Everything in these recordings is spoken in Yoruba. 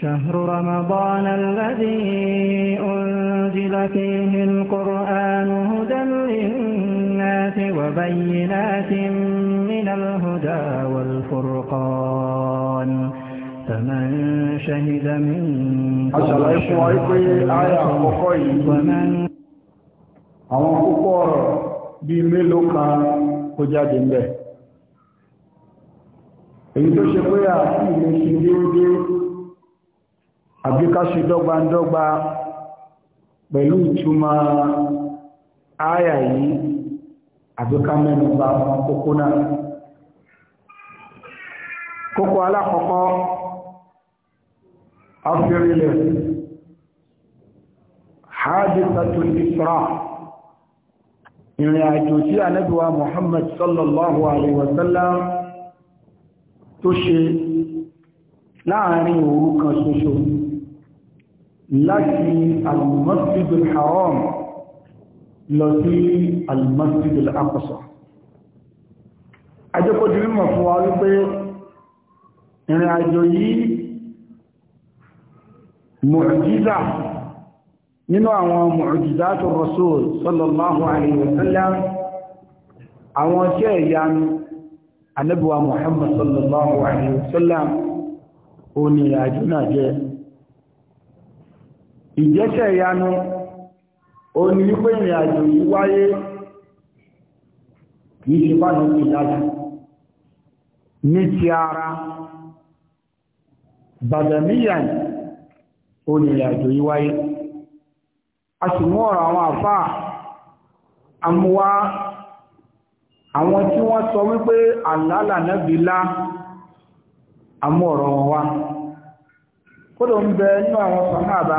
شهر رمضان الذي أنزل فيه القرآن هدى للناس وبينات من الهدى والفرقان فمن شهد منكم ومن àwọn púpọ̀ bíi mélòó kan èyí tó ṣe pé àti ilé ṣe déédé àbíkáṣe dọ́gbandọ́gba pẹ̀lú ìtumọ̀ àyà yìí àbíká mẹ́nu bá kókó náà kókó alákọ̀ọ́kọ́ afẹ́rẹ́lẹ̀ hadisatul isra ìrìn àjò tí ànábì wa Muhammad sallallahu alaihi wasallam tó ṣe láàrin òru kan ṣoṣo láti al-masjidul haram lọ sí al-masjidul aqsa ajẹ́kọ́jú mímọ̀ fún wa wípé ìrìn àjò yìí mu'jiza nínú àwọn mu'jizatu rasul sallallahu alaihi wasallam àwọn tí ẹ̀yà ni anabiwa muhammad sallallahu alayhi wa sallam ó ní ìrìnàjò náà jẹ́ ìjẹ́ṣẹ́ ìyanu ó ní wípé ìrìnàjò yìí wáyé kìí ṣe pàdé ní ìlàjò ní ti ara badamiyan ó ní ìrìnàjò yìí wáyé a sì mú ọ̀rọ̀ àwọn àfáà amúwá àwọn tí wọ́n sọ wípé àlálà nẹ́bí lá àmú ọ̀rọ̀ wọn wá kódò ń bẹ nínú àwọn sàhábà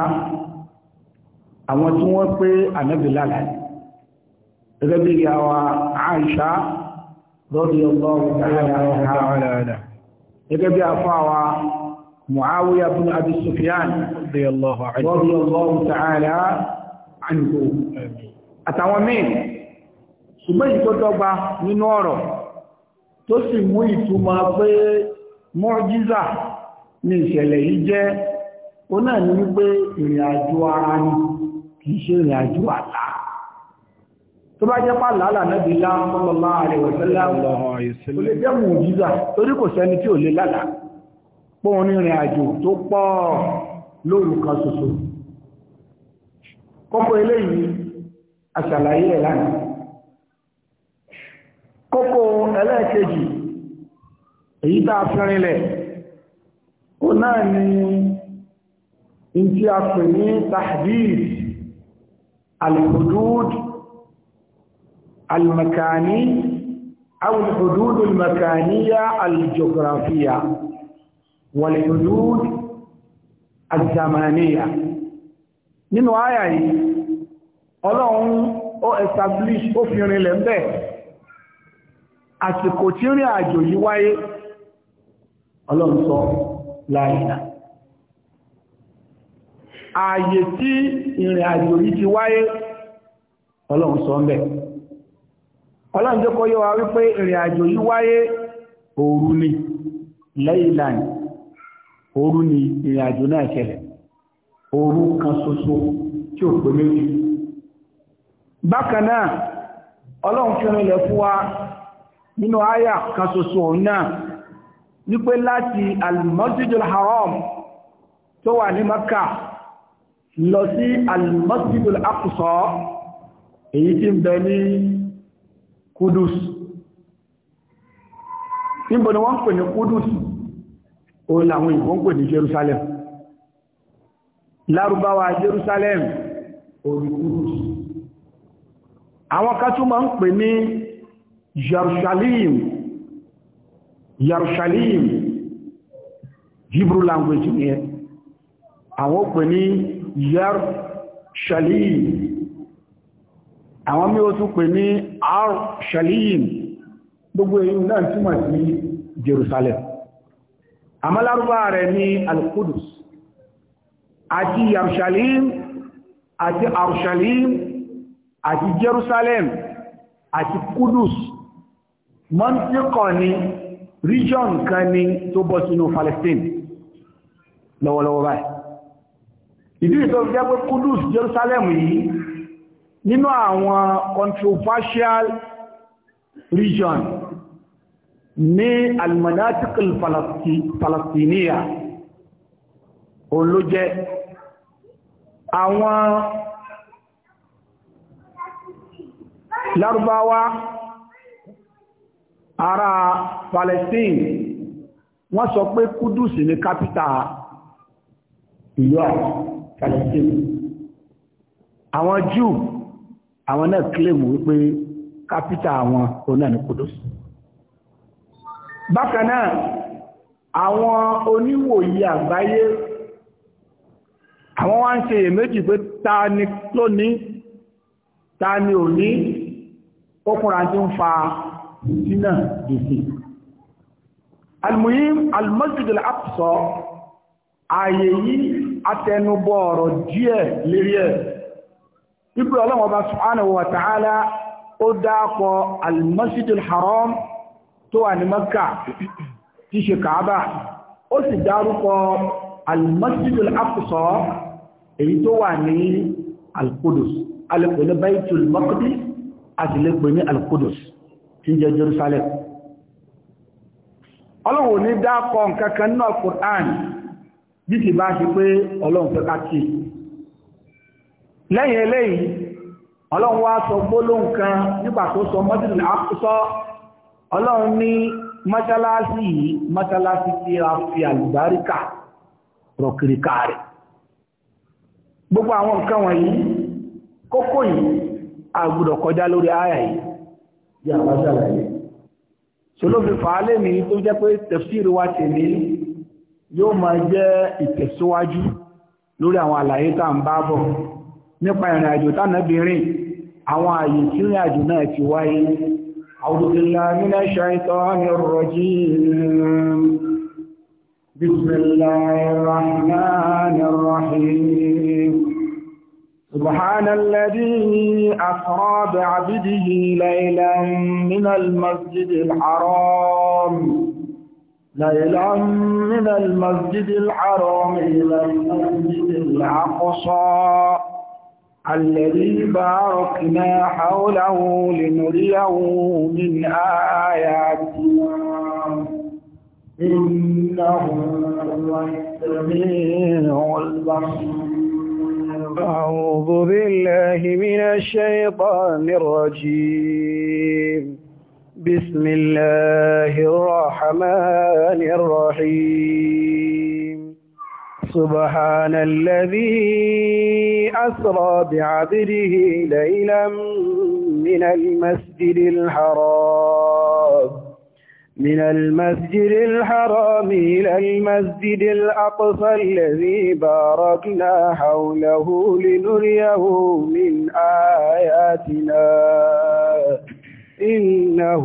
àwọn tí wọ́n pé ànẹ́bí lálà gẹ́gẹ́ bí ìyàwó Àìṣà radiyallahu ta'ala anha gẹ́gẹ́ bí àfáwà Muawiya ibn Abi Sufyan radiyallahu ta'ala anhu àtàwọn ṣùgbọ́n èyí tó dọ́gba nínú ọ̀rọ̀ tó sì mú ìtumọ̀ pé mọ́jíza ni ìṣẹ̀lẹ̀ yìí jẹ́ ó náà ní wípé ìrìn àjò ara ni kìí ṣe ìrìn àjò àlá tó bá jẹ́ pàlà alànàbí láàmọ́lọ́lá àrẹ̀wẹ̀sẹ́lá ó lè jẹ́ mọ̀jíza torí kò sẹ́ni tí ò lè lálàá pọ́ ní ìrìn àjò tó pọ̀ lóru ṣoṣo kọ́kọ́ eléyìí aṣàlàyé ẹ̀ lánàá kókó ẹlẹ́ẹ̀kejì èyí tá a fẹ́rinlẹ̀ ó náà ni in tí a pè ní tahdid al-hudud al-makani aw al-hudud nínú àyà yìí ọlọ́run ó establish ó fi rinlẹ̀ bẹ́ẹ̀ àsìkò tí rìn àjò yí wáyé ọlọ́run sọ ààyè tí ìrìn àjò yí ti wáyé ọlọ́run sọ ń bẹ̀ ọlọ́run wípé ìrìn àjò yí wáyé òru ni ni òru ni ìrìn àjò náà ṣẹlẹ̀ òru kan tí ò pé méjì nínú àyà kan ṣoṣo náà wípé láti al-Masjidul Haram tó wà ní Makka lọ sí al-Masjidul Aqsa èyí tí ń bẹ ní Kudus níbo ni wọ́n pè ní Kudus o làwọn ìwọ́n pè ní Jerusalem lárúbáwá Jerusalem orí Kudus àwọn kan tún máa ń pè ní Jerusalem Jerusalem Hebrew language ni ẹ àwọn pè ní Jerusalem àwọn mí ó tún pè ní Ar-Shalim gbogbo èyí náà túmọ̀ sí Jerusalem àmàlárúbá rẹ̀ ní Al-Qudus àti Jerusalem àti ar àti Jerusalem àti Qudus mọ́ntíkọ̀ ni region kan ni tó bọ́ sínú Palestine lọ́wọ́lọ́wọ́ báyìí ìdí ìtọ́ fi jẹ́ pé Kudus Jerusalem yìí nínú àwọn controversial region ní almanatikul Palestiniya òun ló jẹ́ àwọn Lárúbáwá Ara Palestine wọ́n sọ pé Kudus ní kápítà ìlú àwọn Palestine àwọn Jew àwọn náà kílèmù wípé kápítà àwọn onáà ní Kudus bákan náà àwọn oníwòye àgbáyé àwọn wá ń ṣe èméjì pé ta ni lónìí ta ni òní ó kúnra ń fa sínà gbèsè almuhim almasjid al-aqsa ààyè yìí atẹnubọ ọ̀rọ̀ díẹ̀ lérí ẹ̀ ibi ọlọ́wọ́ bá subhanahu wa ta'ala ó dápọ̀ almasjid al-haram tó wà ní Makka tí ṣe Kaaba ó sì dárúkọ almasjid al èyí tó wà ní al-Qudus alẹ́kùnrin Baitul Maqdis àti lẹ́kùnrin al tí jẹ́ Jerusalem ọlọ́run ní dákọ nkankan náà Qur'an bí ti bá ṣe pé ọlọ́run fẹ́ ká lẹ́yìn eléyìí ọlọ́run wá sọ gbólóhùn kan nígbà tó sọ mọ́sílùmí àkúsọ́ ọlọ́run ní mọ́ṣálásí a fi àlùbáríkà gbogbo àwọn nǹkan wọ̀nyí kókó yìí àgbùdọ̀ kọjá bí àbá ṣàlàyé ṣolófin fàálẹ̀ mi tó jẹ́ pé tafsir wa tèmi yóò máa jẹ́ ìtẹ̀síwájú lórí àwọn àlàyé tá à ń bá bọ̀ nípa ìrìn àjò tánàbìnrin àwọn àyè tí ìrìn àjò náà ti wáyé أعوذ بالله من الشيطان الرجيم بسم الله الرحمن الرحيم سبحان الذي أسرى بعبده ليلا من المسجد الحرام ليلا من المسجد الحرام إلى المسجد الأقصى الذي باركنا حوله لنريه من آياتنا إنه هو السميع البصير أعوذ بالله من الشيطان الرجيم بسم الله الرحمن الرحيم سبحان الذي أسرى بعبده ليلا من المسجد الحرام من المسجد الحرام إلى المسجد الأقصى الذي باركنا حوله لنريه من آياتنا إنه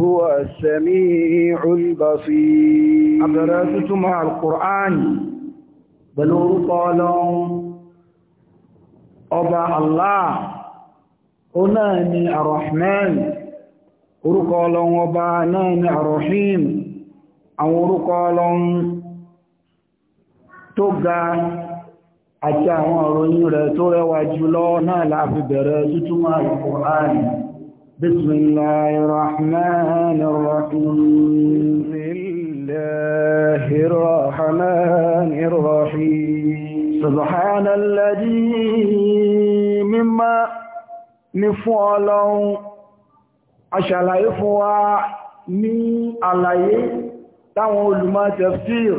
هو السميع البصير أدرست مع القرآن بلور طالون أبا الله من الرحمن orúkọ ọlọ́run ọba náà ni àrọ̀hìm àwọn orúkọ ọlọ́run tó ga àti àwọn òròyìn rẹ̀ tó rẹwà jùlọ náà la fi bẹ̀rẹ̀ tútúmọ̀ al-Qur'an bismillahir ni fún ọlọ́run aṣàlàyé fún wa ní àlàyé táwọn olùmọ̀ tafsir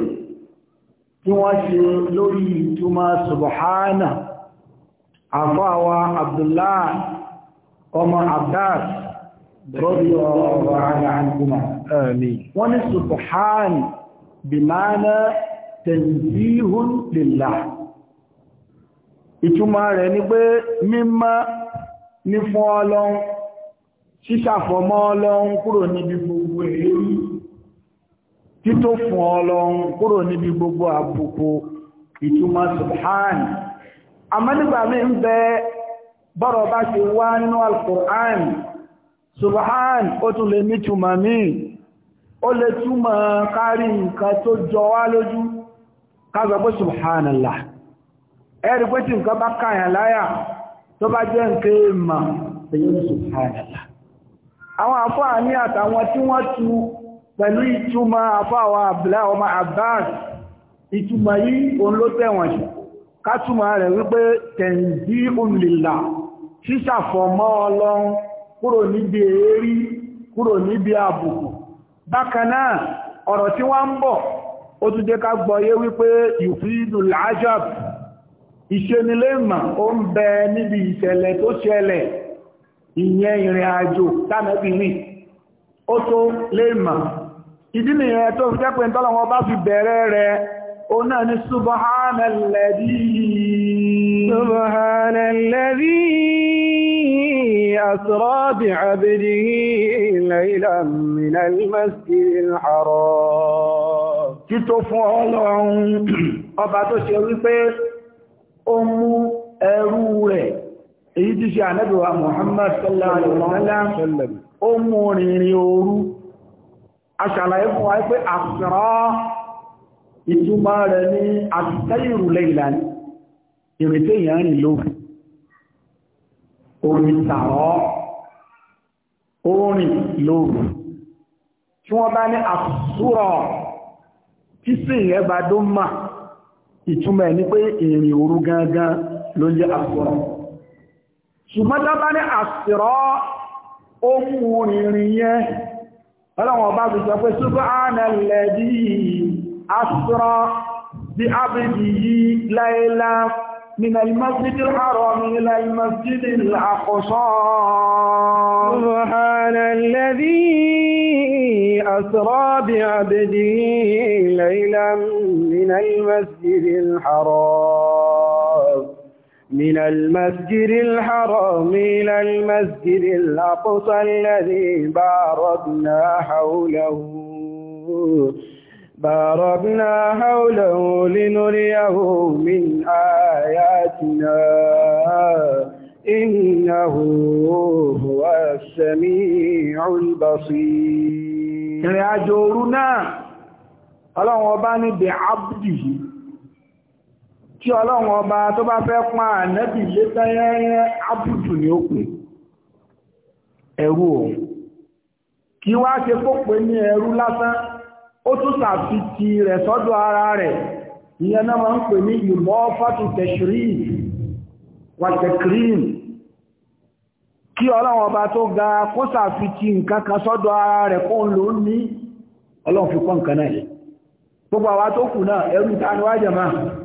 tí wọ́n ṣe lórí ìtumọ̀ subhana àfáwa abdullah ọmọ abdas radiyallahu anhuma wọ́n ní subhan bimana tanzihun lillah ìtumọ̀ rẹ̀ ni pé mímọ́ ní fún ọlọ́run ṣíṣàfọ̀mọ́ ọlọ́run kúrò níbi gbogbo èérí tító fún ọlọ́run kúrò níbi gbogbo àbùkù ìtumọ̀ subhan àmọ́dígbà mi ń bẹ bọ́rọ̀ bá ṣe wá nínú al-Qur'an subhan ó tún lè ní túmọ̀ mi ó lè túmọ̀ kárí nǹkan tó jọ wá lójú ká sọ subhanallah ẹ̀rí pé tí nǹkan bá kàyàn láyà tó bá jẹ́ nǹkan èèmà èyí subhanallah àwọn àfáà ní àtàwọn tí wọ́n tu pẹ̀lú ìtumọ̀ àfáàwà àbìlá ọmọ Abbas ìtumọ̀ yìí òun ló tẹ̀wọ̀n jù kátùmọ̀ rẹ̀ wípé tẹ̀ǹdí òmìnira ṣíṣàfọ̀mọ́ ọlọ́run kúrò níbi èérí kúrò níbi àbùkù bákan ọ̀rọ̀ tí wọ́n ń bọ̀ ó tún jẹ́ ká gbọ́yé wípé yùfíìdù lájọ́b ó ìyẹn ìrìn àjò tánàbí wí ó tó lè mọ̀ ìdí nìyẹn tó fi jẹ́pẹ̀ tọ́lọ̀wọ́ bá fi bẹ̀rẹ̀ rẹ̀ ó náà ní subhanalladhi ọba tó ṣe wípé ó mú ẹrú rẹ̀ èyí tí ṣe ànẹ́bíwà Muhammad sallallahu alaihi wasallam ó mú rìnrìn òru aṣàlàyé fún wa pé àṣírá ìtumọ̀ rẹ̀ ní àṣírù lẹ́ìlà ní ìrètí rìn lóru orin tààrọ́ orin lóru tí wọ́n bá ní àṣúrọ̀ bá mà pé ṣùgbọ́n tó bá ní àṣírọ́ ohun orinrin yẹn ọlọ́wọ̀n bá ti sọ pé subhanalladhi asra bi abdihi layla من المسجد الحرام إلى المسجد الأقصى سبحان الذي أسرى بعبده ليلا من المسجد الحرام من المسجد الحرام إلى المسجد الأقصى الذي باركنا حوله باركنا حوله لنريه من آياتنا إنه هو السميع البصير يا جورنا òru وباني بعبده kí ọlọ́run ọba tó bá fẹ́ pa ànẹ́bì lé tẹ́yẹ́yẹ́ ábùtù ní òpin ẹ̀rú kí wá ṣe ní ẹ̀rú lásán ó tún sàfitì rẹ̀ sọ́dọ̀ ara rẹ̀ ìyẹn náà máa ń pè ní ìmọ̀ fatu tẹ̀ṣírí ọba tó ga kó nǹkan kan sọ́dọ̀ ara rẹ̀ kó ń lò ní ọlọ́run fi nǹkan náà gbogbo àwa tó kù náà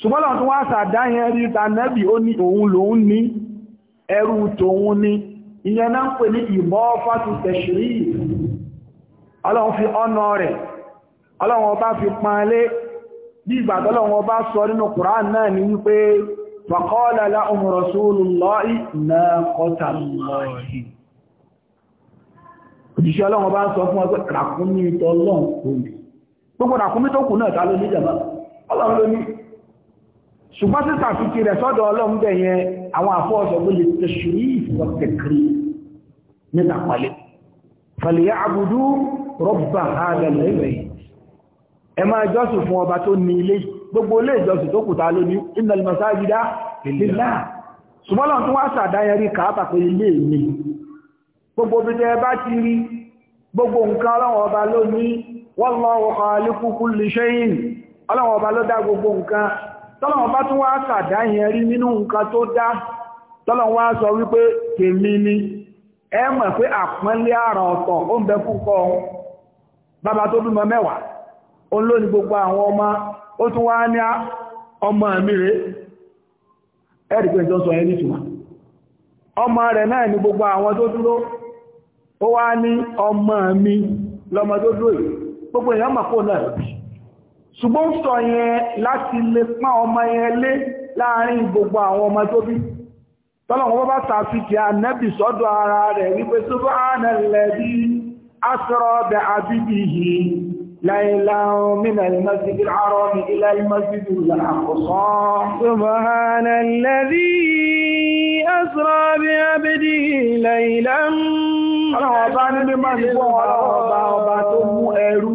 ṣùgbọ́n tó wá sàdáyẹn rí tànẹ́bì ó ní òun lòun ní ẹrù tòun ní ìyẹn náà ń pè ní ìbọ́ fásitì tẹ̀ṣìrí ọlọ́run fi ọ̀nà rẹ̀ ọlọ́run ọba fi panlé bí ìgbà tọ́lọ́run ọba sọ nínú Kùránì náà ní wípé faqala lahum rasulullahi ọlọ́run ló ní ṣùgbọ́n sísà fi ti rẹ̀ sọ́dọ̀ ọlọ́run bẹ̀ yẹn àwọn àfọ́ọ̀sọ̀ ló lè tẹ ṣùrí ìfọ̀tẹ̀kiri níta pàlẹ́ fàlìyà àbùdú rọ́bà ààrẹ lẹ́yìn ẹ máa jọ́sìn fún ọba tó ní ilé gbogbo ilé ìjọsìn tó kù ta ló ní ọlọ́wọ̀n ọba ló dá gbogbo nǹkan tọ́lọ̀wọ̀n bá tún wá sàdá yẹn rí nínú nǹkan tó dá tọ́lọ̀wọ̀n sọ wípé tèmi ni ẹ mọ̀ pé àpọ́nlé àrà ọ̀tọ̀ ó ń bẹ púpọ̀ ohun bàbá tó bímọ mẹ́wàá ó ń ọmọ ó tún wá ní ọmọ mi ẹ̀rì pé tó sọ yẹn ọmọ rẹ̀ náà gbogbo àwọn tó dúró ó ṣùgbọ́n sọ yẹn láti lè pán ọmọ yẹn lé láàrin gbogbo àwọn ọmọ tó bí tọ́lọ̀wọ́n bá bá tàfikì ànẹ́bì sọ́dọ̀ ara rẹ̀ wípé subhanalladhi ليلا من المسجد الحرام إلى المسجد الأقصى سبحان الذي أسرى بعبده ليلا ọlọ́wọ́ bá ní mímọ̀ nígbọ́n ọlọ́wọ́ bá ọba tó mú ẹrú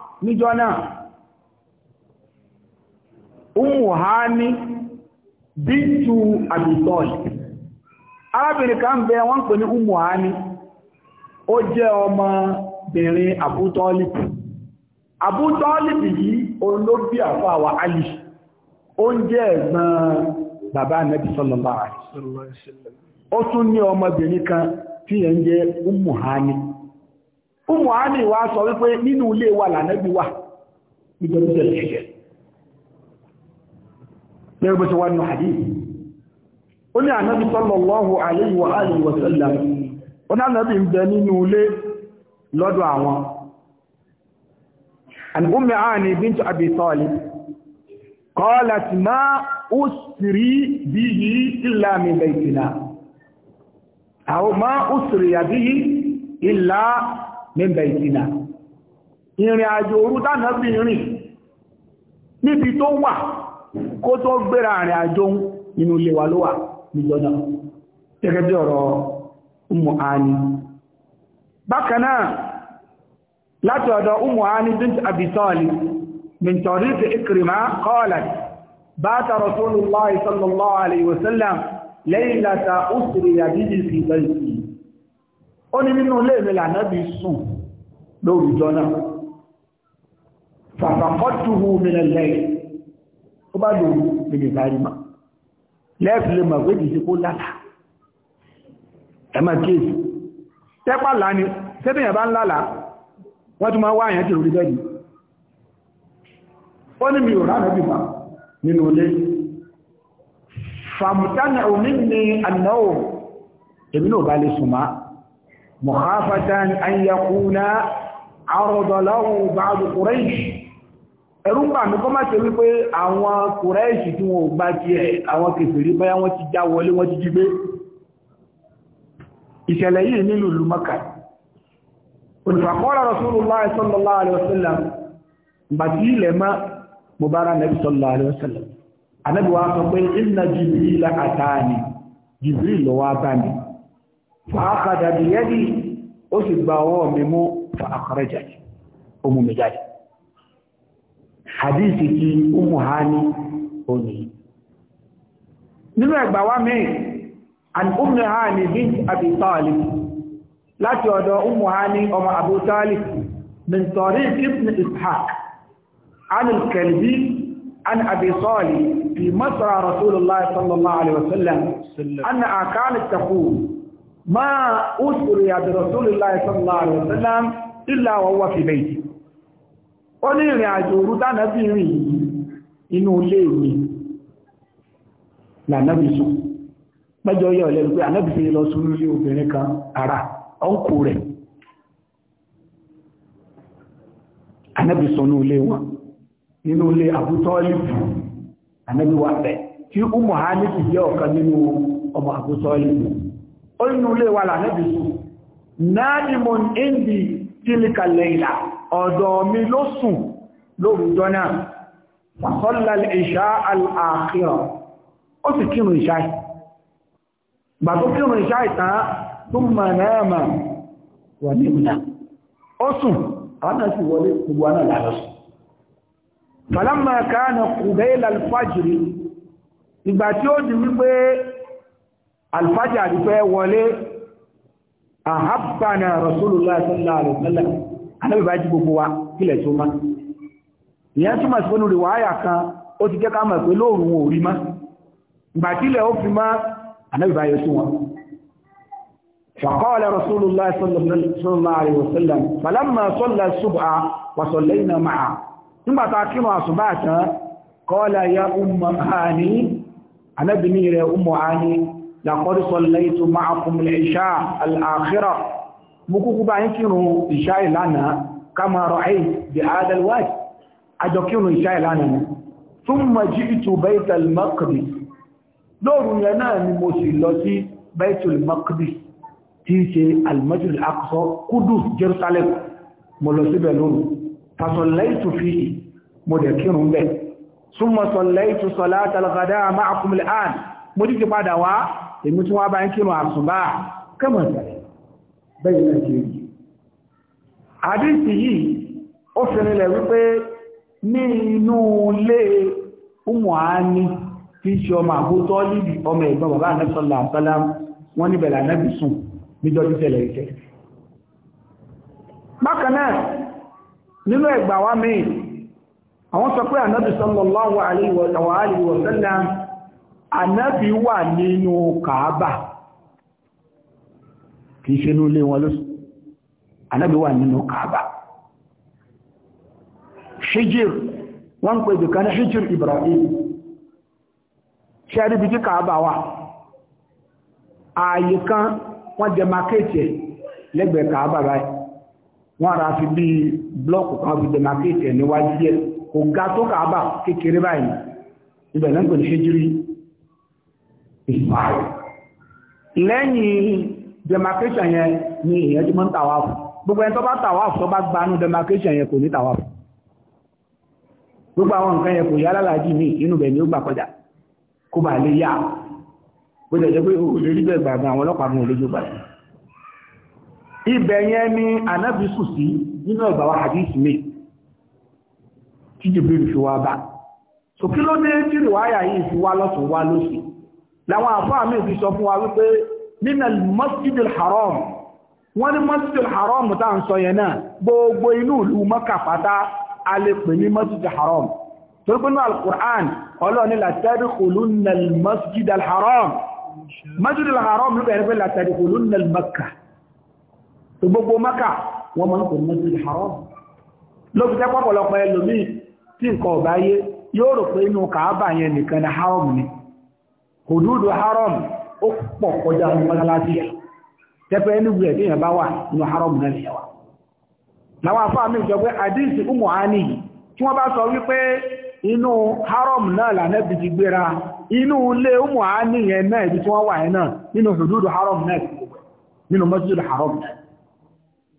níjọ́ náà umuhani bintu bíntu arábìnrin kan bẹ wọ́n pè ní Ummu ó jẹ́ ọmọ bìnrin Abu Talib yìí olóbí Ali ó ń jẹ́ ẹ̀gbọ́n bàbá ó tún ní ọmọbìnrin kan tí ẹ Umu Ami wá sọ wípé nínú ilé wa lànẹ́bí wà nítorí tẹ̀lé ẹ̀jẹ̀. Lẹ́yìn bó ti wá nù àdí. Ó ní ànábì sallallahu alayhi wa alihi wa sallam. Ó ní ànábì ń bẹ nínú ilé lọ́dọ̀ àwọn. An Ummu Ani bint Abi Talib mẹ́bẹ̀ ìsìnà ìrìn àjò òru tánà bí rìn níbi tó wà kó tó gbéra àrìn àjò inú ilé wa ló wà níjọ́nà gẹ́gẹ́ bí ọ̀rọ̀ Ummu Ani bákanáà láti ọ̀dọ̀ Ummu Ani bint Abi Talib min tariqi Ikrima qalat bata Rasulullah sallallahu alaihi wasallam ó ní nínú ilé mi lànàbí sùn lórújọ náà fàfàkọ́tùhù mìíràn lẹ́yìn ó bá lòrú mìíràn bá rí ma lẹ́ẹ̀fì lè mọ̀ pé kìí kó lálà ẹ̀mà kéèsì tẹ́pà láni tẹ́bìyàn bá ń lálà wọ́n tún máa wá tí lórí bẹ́ẹ̀dì ó ní mi ò rá mẹ́bì ma nínú ilé fàmùtánà òní ni مخافة أن يكون عرض له بعض قريش ẹ̀rù ń bà mí kọ́ máa ṣe wípé tí wọ́n gbá tí ẹ̀ àwọn kèfèrí báyá wọ́n ti já wọlé wọ́n ti yìí nínú ìlú Mẹ́kà atani فاخذ بيدي اسد باوو ميمو فاخرجت ام مجاج حديثي ام هاني هوني نمرك باوا مي عن ام هاني بنت ابي طالب لا تودا ام هاني ام ابو طالب من طريق ابن اسحاق عن الكلبي عن ابي صالح في مصر رسول الله صلى الله عليه وسلم ان كانت تقول ما أسري برسول ya صلى الله عليه وسلم إلا وهو o بيته ó ní ìrìn àjò òru dánàbí rìn inú ilé ìwé lànàbí sùn mẹ́jọ ya ilẹ̀ pé ànàbí fi kan ara ọkù rẹ̀ ànàbí sọ ní ilé wọn nínú ilé àbútọ́ọ̀lìfù ànàbí wà bẹ̀ tí ó mọ̀ á ọmọ ó nínú ilé wa là níbi sùn náà ni mo ń di tílìkàlẹ̀ ìlà ọ̀dọ̀ mi ló sùn lórújọ náà sọ́lá ìṣá àkírọ̀ ó sì kírun ìṣá ìgbà tó kírun ìṣá ìtàn tó mọ̀ náà mọ̀ wà ní ìmúdá ó sùn àwọn sì wọlé gbogbo náà lálọ́sùn falamma kana qubayla al-fajr ìgbà tí ó di wípé alfájà àdúfẹ́ wọlé àhábàna rasulullah sallallahu alaihi wasallam anábì bá jí gbogbo wa kílẹ̀ tó má ìyẹn túmọ̀ sí fónú rìwáyà kan ó ti jẹ́ ká mọ̀ pé lóòrùn ò rí má ìgbà ó fi má anábì bá yọ wọn فقال رسول الله صلى الله عليه وسلم فلما صلى الصبح وصلينا معه nígbà tá kírun قال يا أم هاني anábì ní rẹ̀ Ummu لقد صليت معكم العشاء الآخرة مكوكو باين كينو إشاء لنا كما رأيت بهذا الوقت أجو كينو إشاء لنا ثم جئت بيت المقدس دور لنا نموسي لسي بيت المقدس تيسي المسجد الأقصى قدس جرسالك ملوسي بلون فصليت فيه مدكينو به ثم صليت صلاة الغداء معكم الآن مدكي بعد وعا èmi tí wọ́n bá ń kírun àsùnbá kẹ́mọ̀ tẹ̀lé bẹ́ẹ̀ náà ti rí àdísì yìí ó fẹ́rẹ̀lẹ̀ wípé ní inú ilé umuhani tí ṣe ọmọ àbútọ́ líbi ọmọ ẹ̀gbọ́n bàbá anẹ́sọ́lá àtọ́lá wọ́n ní bẹ̀rẹ̀ anẹ́bì sùn níjọ́ títẹ̀lẹ̀ ìtẹ́ bákanáà nínú ẹgbà àwọn sọ pé anẹ́bì sallallahu alaihi ànábì wà nínú kàábà kìí ṣe ní ilé wọn lóṣù ànábì wà nínú kàábà ṣíjìr wọ́n pè jù kan ṣíjìr Ibrahim ṣe àríbi tí kan lẹ́gbẹ̀ẹ́ kàábà báyìí wọ́n ra fi bí blọ́ọ̀kù kan fi jẹ makéètì níwájú ẹ̀ kò ga tó kàábà kékeré báyìí ìfààyè lẹ́yìn demarcation yẹn ni èèyàn ti mọ́ ń tàwa fún gbogbo ẹni tó bá tàwa fún tó bá gbanú demarcation yẹn kò ní tàwa fún gbogbo àwọn nǹkan yẹn kò yá lálàájì ní inú bẹ̀ ni ó gbà kọjá kó bà lè yá bó jẹ́ jẹ́ pé olórí bẹ̀ gbàgbà àwọn ọlọ́pàá mú olójú gbà sí ibẹ̀ yẹn ni anábì sùn sí nínú ọgbà wa hadith mi tí jibril fi wá bá so ló dé tí rìwáyà yìí fi wá lọ́tún wá lósì láwọn àfáà mi fi sọ fún wa wípé nínú masjidil haram wọ́n ní masjidil haram tá ń sọ yẹn náà gbogbo inú ìlú mọ́kà pátá a lè pè ní masjidil haram tó gbínú al-Qur'an ọlọ́ni látẹ́dìkùlúnnà masjidil haram masjidil haram ló bẹ̀rẹ̀ pé látẹ́dìkùlúnnà mọ́kà tó gbogbo mọ́kà wọ́n mọ́ ń pè masjidil haram ló fi tẹ́pọ̀pọ̀lọpọ̀ ẹlòmí haram ni hududu haram ó pọ̀ kọjá ní mọ́sálásí tẹ́pẹ́ ẹnúgbù ẹ̀ yẹn bá wà nínú haram náà lè wà láwọn afọ́ àmì ìjọ àdíìsì umu ani tí wọ́n bá sọ wípé inú haram náà lànẹ́bì ti gbéra inú ilé yẹn náà ibi tí wọ́n wà yẹn náà nínú hududu haram náà nínú haram náà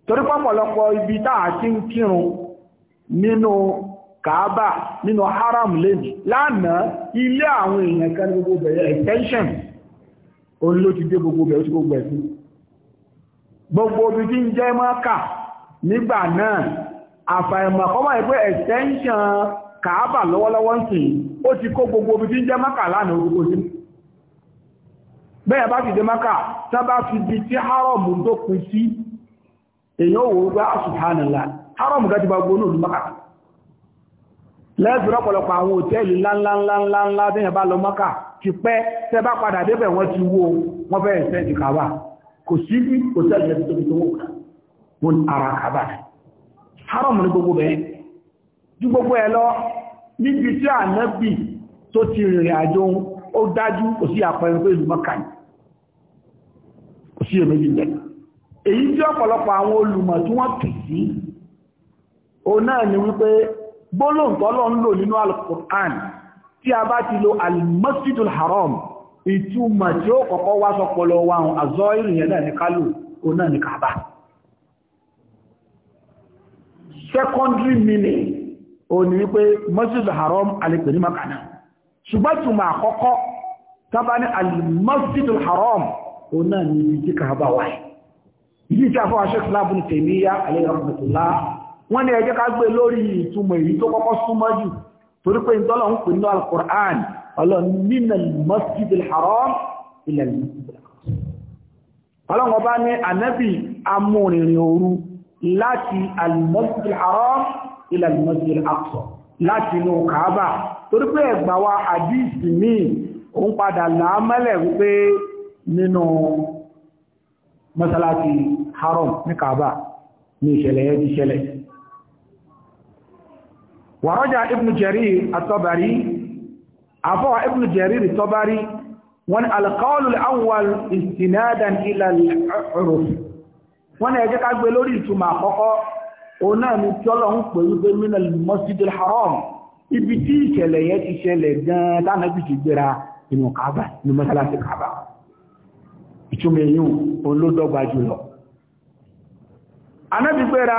torí pọ́pọ̀lọpọ̀ ibi ti ń kírun kàábà nínú haram lẹ́nì lánàá ilé àwọn èèyàn kan ní gbogbo bẹ̀rẹ̀ extension òun ló ti dé gbogbo bẹ̀rẹ̀ tí gbogbo ẹ̀sìn gbogbo ibi tí ń jẹ́ mọ́kà nígbà náà àfàìmọ̀ kọ́ máa extension kàábà lọ́wọ́lọ́wọ́ ń sìn ó ti kó gbogbo ibi tí ń jẹ́ mọ́kà lánàá gbogbo sí bẹ́ẹ̀ bá ti dé mọ́kà tá bá fi di tí haram tó pin sí èèyàn òwúrọ̀ ah, subhanallah haram gẹ́gẹ́ bá gbóná olùmọ́kà lẹ́ẹ̀fì rọ́pọ̀lọpọ̀ àwọn òtẹ́ẹ̀lì ńláńláńláńlá tí yẹn bá lọ mọ́kà ti pẹ́ tẹ́ bá padà débẹ̀ wọ́n ti wó wọ́n fẹ́ ìṣẹ́ ti kàbà kò sí bí òtẹ́ẹ̀lì lẹ́ti tó fi tó wọ́n wọn ara kàbà haram ní gbogbo bẹ́ẹ̀ ju gbogbo ẹ lọ níbi tí ànábì tó ti rìnrìn àjò ó dájú kò sí àpẹẹrẹ pé ìlú mọ́kà ni kò sí èméjì jẹ èyí tí ọ̀pọ̀lọpọ̀ àwọn olùmọ̀ tí wọ́n kì sí òun náà ni wípé gbólóǹtọ́lọ́ ń lò nínú al-Qur'an tí a bá ti lo al-Masjidul Haram ìtumọ̀ tí ó kọ́kọ́ wá sọpọlọ wa hàn àzọ́ ìrìyàn náà ní kálù o náà ní kàbá secondary meaning o ní wípé Masjidul Haram alẹ́pẹ̀ ní makana ṣùgbọ́n túnmọ̀ àkọ́kọ́ tábá ní al-Masjidul Haram o náà ní ibi tí kàbá wáyé yìí tí a fọ́ wọ́n ní ẹ jẹ́ ká gbé lórí ìtumọ̀ èyí tó kọ́kọ́ súnmọ́ jù torí pé ìtọ́lọ̀ ń pè ní al-Qur'an ọlọ́run nínà masjid al-haram ilẹ̀ ọlọ́run ọba ní ànábì amúrìnrìn òru láti al-masjid al-haram ilẹ̀ al-masjid al-aqsa láti inú kaaba torí pé ẹgbà wa hadith mi ó ń padà láàmẹ́lẹ̀ wípé nínú mọ́sálásí haram ní kaaba ní ìṣẹ̀lẹ̀ yẹn ti ṣẹlẹ̀ wàrọ́jà ibn jarir àtọ́bàrí àfọ́wà ibn jarir tọ́bàrí wọn alkọ́ọ̀lù awwal istinadan ila al-urf wọn ẹ̀jẹ́ ká gbé lórí ìtumọ̀ àkọ́kọ́ òun náà ni tí ọlọ́run pè wípé min al-masjid al-haram ibi tí ìṣẹ̀lẹ̀ yẹn ti ṣẹlẹ̀ gan-an lánàá bí ti gbéra inú kaaba inú mọ́sálásí kaaba ìtumọ̀ èyí òun ló dọ́gba jùlọ anábìgbéra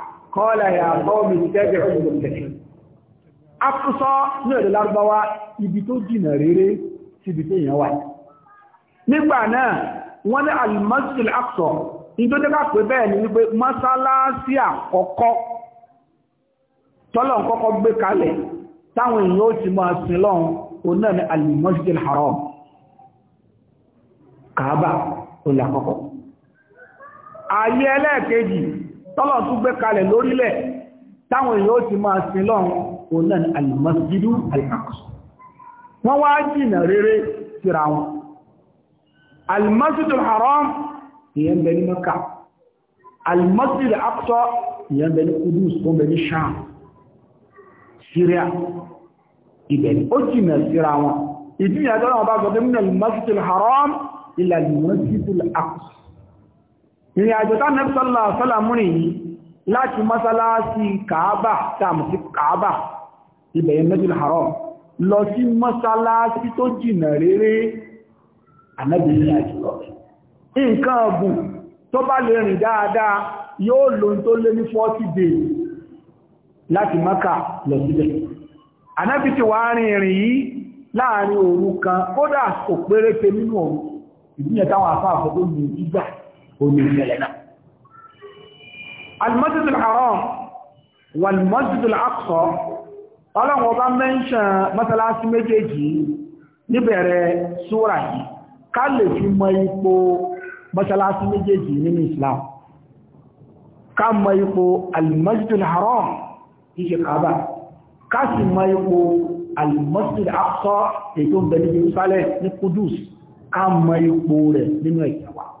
kọ́ọ̀lá ya kọ́ọ̀mì tẹ́jẹ̀ ọdún tẹ̀lé akúsọ́ ní èdè lárúbáwá ibi tó jìnà rere síbi tó yàn wà nígbà náà wọ́n ní al-Masjid al-Aqsa tó dẹ́gbà pé bẹ́ẹ̀ ni wípé mọ́sálásí àkọ́kọ́ tọ́lọ̀ kọ́kọ́ gbé kalẹ̀ táwọn èèyàn ó ti máa sin lọ́hun òun náà ní al-Masjid al-Haram Kaaba olùlàkọ́kọ́ ayé ẹlẹ́ẹ̀kejì tọ́lọ̀ tún gbé kalẹ̀ lórílẹ̀ táwọn èèyàn ó ti máa sin lọ́run òun náà ni alìmọ́sídú alìkàkọ̀sọ̀ wọ́n wá jìnà rere síra wọn alìmọ́sídú haram ìyẹn bẹ ní mẹ́ka alìmọ́sídú akṣọ ìyẹn bẹ ní kudus tó bẹ ní sham syria ibẹ̀ ó jìnà síra wọn ìdíyàjọ́ náà bá sọ ìrìn àjò tánàbísọ́lá sọ́làmúrìn yìí láti masalasi ka'aba tààmù sí kàábà ibẹ̀yẹ mẹ́jìlá àárọ̀ lọ sí mọ́sálásí tó jìnà rere ànábìnrin àjò nǹkan ọ̀gùn tó bá lè rìn dáadáa yóò lo tó lé ní 40 days láti maka lọ síbẹ̀ ti wá rìn yìí láàrin òru kan kódà nínú ìdíyẹ̀ táwọn ومن خلاله المسجد الحرام والمسجد الاقصى قال وضم منش مثلا سمجهجي نبره سوره قال في ما يقول مثلا سمجهجي من الاسلام كان ما يبو المسجد الحرام هي الكعبه كان ما يبو المسجد الاقصى يكون بني صالح القدس كان ما يقول له منو الكعبه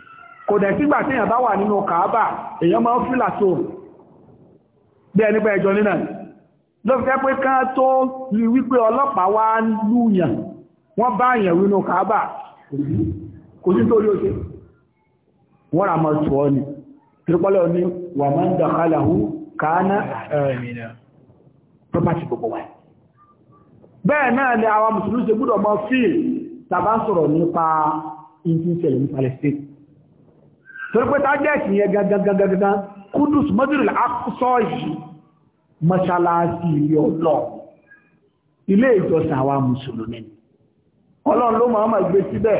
kò dẹ̀ sígbà tí èyàn bá wà nínú kàábà èyàn máa ń fílà tó bí ẹni pẹ́ ẹjọ́ nínà ló fi kẹ́pẹ́ kán tó rí wípé ọlọ́pàá wá lúyàn wọ́n bá èyàn wínú kàábà kò sí torí ó ṣe wọ́n rà mọ́ tù ọ́ ni tìrìpọ́lẹ̀ ní wà máa ń dàkálàhú kàánà property gbogbo wa bẹ́ẹ̀ náà ni àwọn mùsùlùmí ṣe gbọ́dọ̀ mọ́ fíìl tàbá sọ̀rọ̀ nípa ìjíṣẹ́ ìlú Palestine torí pé tájẹ́ẹ̀tì yẹn gangan kudus mọ́júrì àkúsọ yìí mọ́ṣáláṣí ilé ọlọ́ ilé ìjọsìn àwa mùsùlùmí ọlọ́run ló máa máa gbé síbẹ̀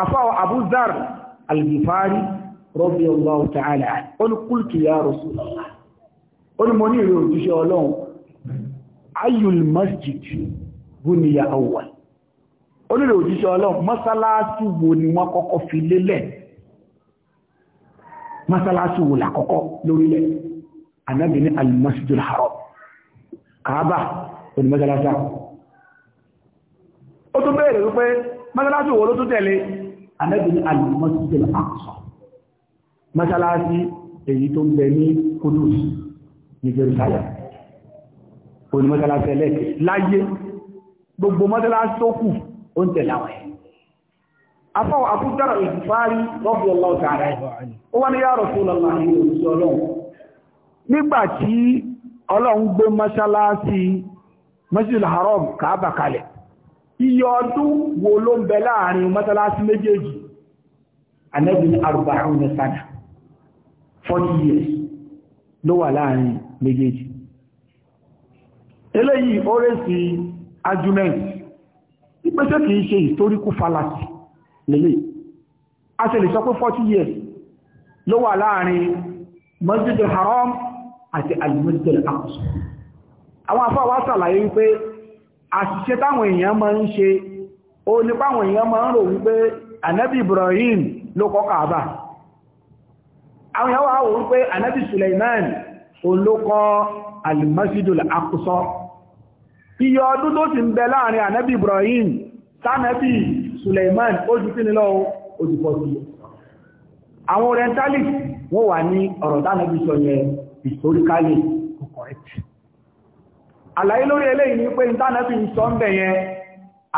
àfáà abúzar alìfárí rọ́bì ọlọ́run tààlà ó ní kúlùkì ya Rasulullah ó ní mo ní ìrẹ́ òjíṣẹ́ ọlọ́run ayul masjid buniya awwal ó ní ìrẹ́ òjíṣẹ́ ọlọ́run mọ́ṣáláṣí masalasi wò lákọ́kọ́ lórílẹ̀ anábì ní almasjidul haram kaaba òní masalasi ó tún bèèrè wípé masalasi wò ló tún tẹ̀lé anábì ní almasjidul aqsa masalasi èyí tó ń bẹ ní kudus ní jerusalem òní masalasi ẹlẹ́kẹ̀ láyé gbogbo masalasi tó kù ó ń afọ abúdára ìfàárí rọ́bí ọlọ́ọ̀ta rẹ̀ ó wá ní yá Rasulullah òṣìṣẹ́ ọlọ́run nígbàtí ọlọ́run gbé mọ́ṣálásí Haram kalẹ̀ iye ọdún wo ló ń bẹ láàrin mọ́ṣálásí méjèèjì fallacy lélẹ̀ a ṣe lè sọ pé 40 years ló wà láàrin masjid al-haram àti al-masjid al-aqsa àwọn afáwà sàlàyé wípé àṣìṣe táwọn èèyàn máa ń ṣe ó nípa àwọn èèyàn máa ń rò wípé anabi ibrahim ló kọ́ Kaaba àwọn èèyàn wà wò wípé anabi suleiman òun ló al-aqsa iye ọdún tó ti ń bẹ láàrin anabi ibrahim tánàbí Suleiman ó jù àwọn orientalist wọ́n wà ní ọ̀rọ̀ tánàbí sọ historically correct àlàyé lórí eléyìí ni pé tánàbí sọ ń bẹ̀ yẹn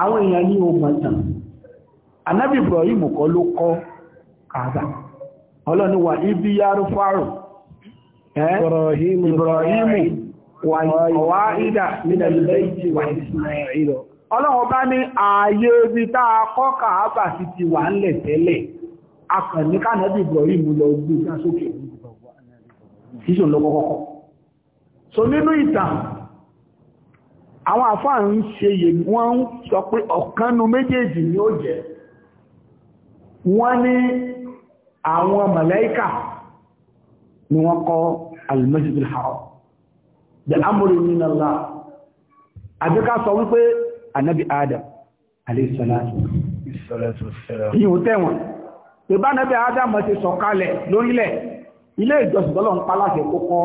èèyàn ní ogun ọ̀tàn anábì Ibrahim ló kọ́ ibi Ibrahimu, wà nílẹ̀ ìjì ọlọ́run bá ní ààyè ibi tá a kọ́ kàábà sí ti wà ńlẹ̀ tẹ́lẹ̀ akànní kánàbì Ibrahim lọ gbé ìgbà sókè lọ́kọ́kọ́kọ́ so nínú ìtàn àwọn àfáà ń ṣe yè wọ́n ń sọ pé ọ̀kánu méjèèjì ni ó jẹ́ wọ́n ní àwọn màláíkà ni wọ́n kọ́ al amri min Allah àbíká sọ wípé ànábì Adam alayhi salatu ìyìn ò tẹ́wọ̀n pé bá ànábì Adam ti sọ̀kalẹ̀ lórílẹ̀ ilé ìjọsìn tọ́lọ̀ ń paláṣẹ kókọ́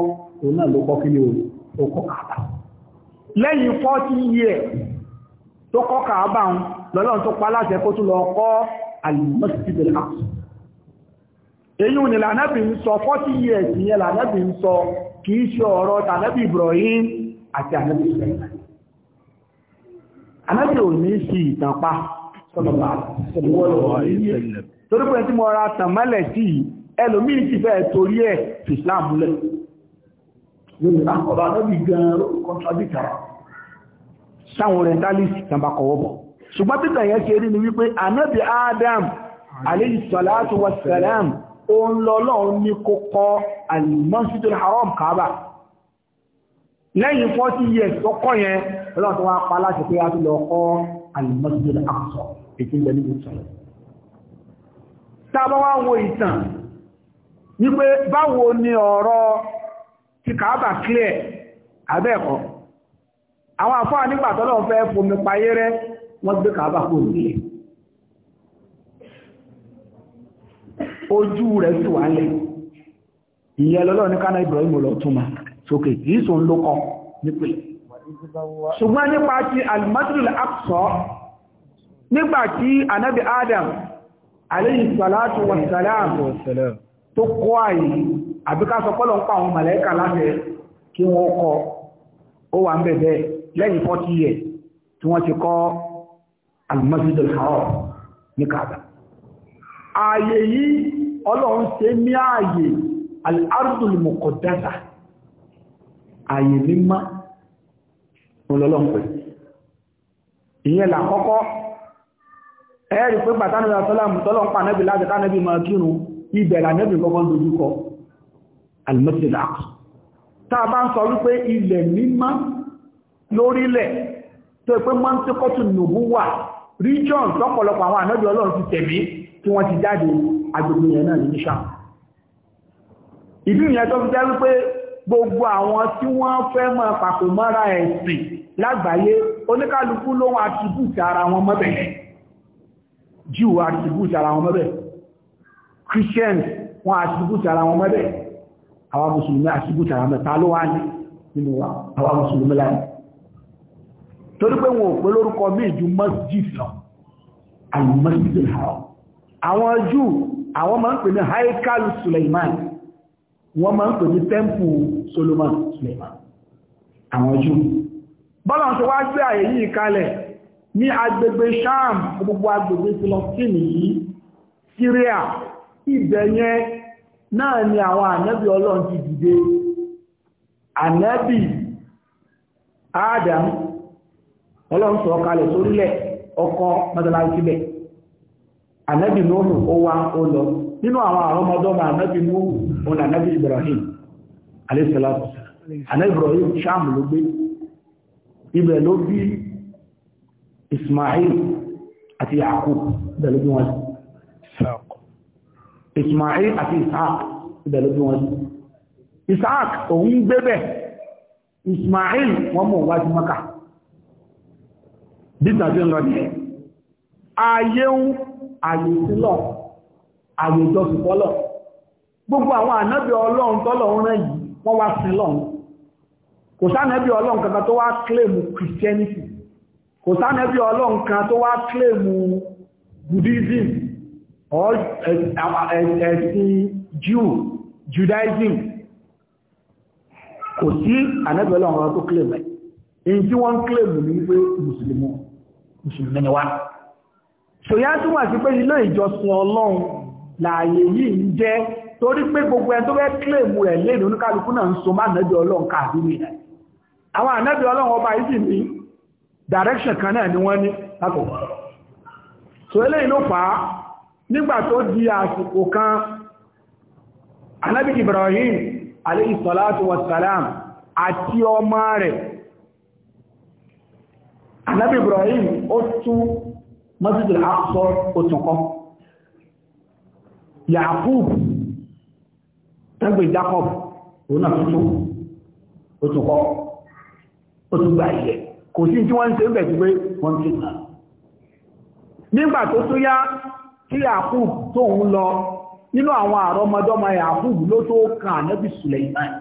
òun náà ló kọ́ kí ni ó kọ́ kàbà lẹ́yìn 40 years tó kọ́ kàbà ń lọ́lọ́run tó paláṣẹ kó tún lọ kọ́ al-Masjid èyí ni lànàbì ń sọ 40 years ìyẹn lànàbì ń sọ kìí ṣe ọ̀rọ̀ tànàbì Ibrahim àti ànàbì Ismail anábì ò ní sí ìtànpá sọ́lọ́bà torí pé tí mo ra tàn mọ́lẹ̀ sí ẹlòmíì ti fẹ́ torí ẹ̀ fi Islam lẹ̀ ah, ọba anábì gan-an kọ́ntradíkàrà sáwọn orientalist tàbá kọwọ́ bọ̀ ṣùgbọ́n títà yẹn ṣe rí ni Adam alayhi salatu wassalam ó ń lọ́lọ́ ní kókọ́ Haram Kaaba lẹ́yìn forty years tó kọ́ yẹn ọlọ́run tó wá pa láti pé a ti lọ kọ́ Al-Masjid Al-Aqsa ètò ìgbẹ́ ní ìsọ̀rọ̀ tábọ́ wá wo ìtàn wípé báwo ni ọ̀rọ̀ ti kàábà clear abẹ́ẹ̀kọ́ àwọn àfáà nígbà tọ́lọ́ fẹ́ fomi payé rẹ́ wọ́n gbé kàábà kò nílẹ̀ ojú rẹ̀ tù wálẹ̀ ìyẹn lọ́lọ́ ní kánà sókè kìí sọ ń lókọ nípe ṣùgbọ́n nípa ti al-Masjidil Aqsa nígbà tí anábi Adam alayhi salatu wa salam tó kọ́ àyè àbíkásọ pọ́lọ̀ ń pa àwọn màlàíkà láti kí wọ́n kọ́ ó wà ń bẹ̀bẹ̀ lẹ́yìn 40 years tí wọ́n ti kọ́ al-Masjidil ní Kaaba ààyè yìí ọlọ́run ṣe ní ààyè al-Ardul àyè mímọ́ olólọ́pẹ̀ ìyẹn là kọ́kọ́ ẹ̀rí pé pàtàkì àtọ́lámù tọ́lọ́pà nẹ́bì láti tánẹ́bì máa kírun ibẹ̀ là nẹ́bì kọ́kọ́ dojúkọ al-Masjid al-Aqsa tá a bá ń sọ wípé ilẹ̀ mímọ́ lórílẹ̀ tó pé mọ́ntíkọ́tù nùbúwà region tọ́pọ̀lọpọ̀ àwọn ànábì ọlọ́run ti tẹ̀mí tí wọ́n ti jáde agbègbè yẹn náà ní ìyẹn tó fi jẹ́ wípé gbogbo àwọn tí wọ́n fẹ́ mọ́ papò mọ́ra ẹ̀sìn lágbàáyé oníkálukú ló wọ́n àtìbùtì ara wọn mọ́bẹ̀ Jew àtìbùtì ara wọn mọ́bẹ̀ Christians wọ́n àtìbùtì ara wọn mọ́bẹ̀ àwa mùsùlùmí àtìbùtì ara mẹ́ta ló wá ní nínú wa àwa mùsùlùmí láì torí pé wọn ò pé lórúkọ míì ju masjid àwọn Jew àwọn máa ń pè ní haikal Suleiman wọ́n máa ń pè ní tẹ́mpù Solomon Suleiman àwọn jù bọ́lá ṣe wá sí àyè yìí kalẹ̀ ní agbègbè sham gbogbo agbègbè Palestine yìí Syria ibẹ̀ yẹn náà ni àwọn ànábì ọlọ́run ti dìde ànábì Adam ọlọ́run sọ kalẹ̀ sórílẹ̀ ọkọ̀ mọ́tàlá síbẹ̀ ànábì Nuhu ó wá ó lọ nínú àwọn àrọmọdọ́mà anábì mú òun anábì Ibrahim alẹ́sẹ̀lápọ̀ anábì Ibrahim sáàmù ló gbé ibẹ̀ ló bí Ismail àti Yakub ibẹ̀ ló bí wọn Ismail àti Isaac ibẹ̀ ló bí wọn Isaac òun gbébẹ̀ Ismail wọ́n mọ̀ wá sí Maka bí tàbí ń lọ ní ààyé ń àyè sílọ̀ àwùjọ sùpọ́lọ̀ gbogbo àwọn ànábì ọlọ́run tọ́lọ̀ ń rán yìí wọ́n wá sin lọ́run kò sánẹ́bí ọlọ́run kankan tó wá claim Christianity kò sánẹ́bí ọlọ́run kan tó wá claim Buddhism or eh, eh, eh, ẹ̀sìn Jew Judaism kò sí ànábì ọlọ́run tó claim ẹ̀ èyí tí wọ́n claim ní wípé mùsùlùmí ni wá so yá túnmà sí pé ilé ìjọsìn ọlọ́run láàyè yìí ń jẹ́ torí pé gbogbo ẹni tó fẹ́ kílèmù rẹ̀ léèrè oníkálukú náà ń so má nẹ́bí ọlọ́run rẹ̀ àwọn ànẹ́bí ọlọ́run ọba yìí sì direction kan náà ni wọ́n ní so eléyìí ló fà á nígbà di àsìkò kan ànẹ́bí Ibrahim alayhi salatu wassalam àti ọmọ rẹ̀ Ibrahim ó tún Yakub tẹ́gbẹ̀ Jacob òun náà tuntun ó tún kọ́ ó tún gba kò sí tí wọ́n ń ṣe ń bẹ̀ sí pé wọ́n ti nà nígbà tó tó yá kí Yakub tó ń lọ nínú àwọn àrọmọdọ́mọ Yakub ló tó kàn Suleiman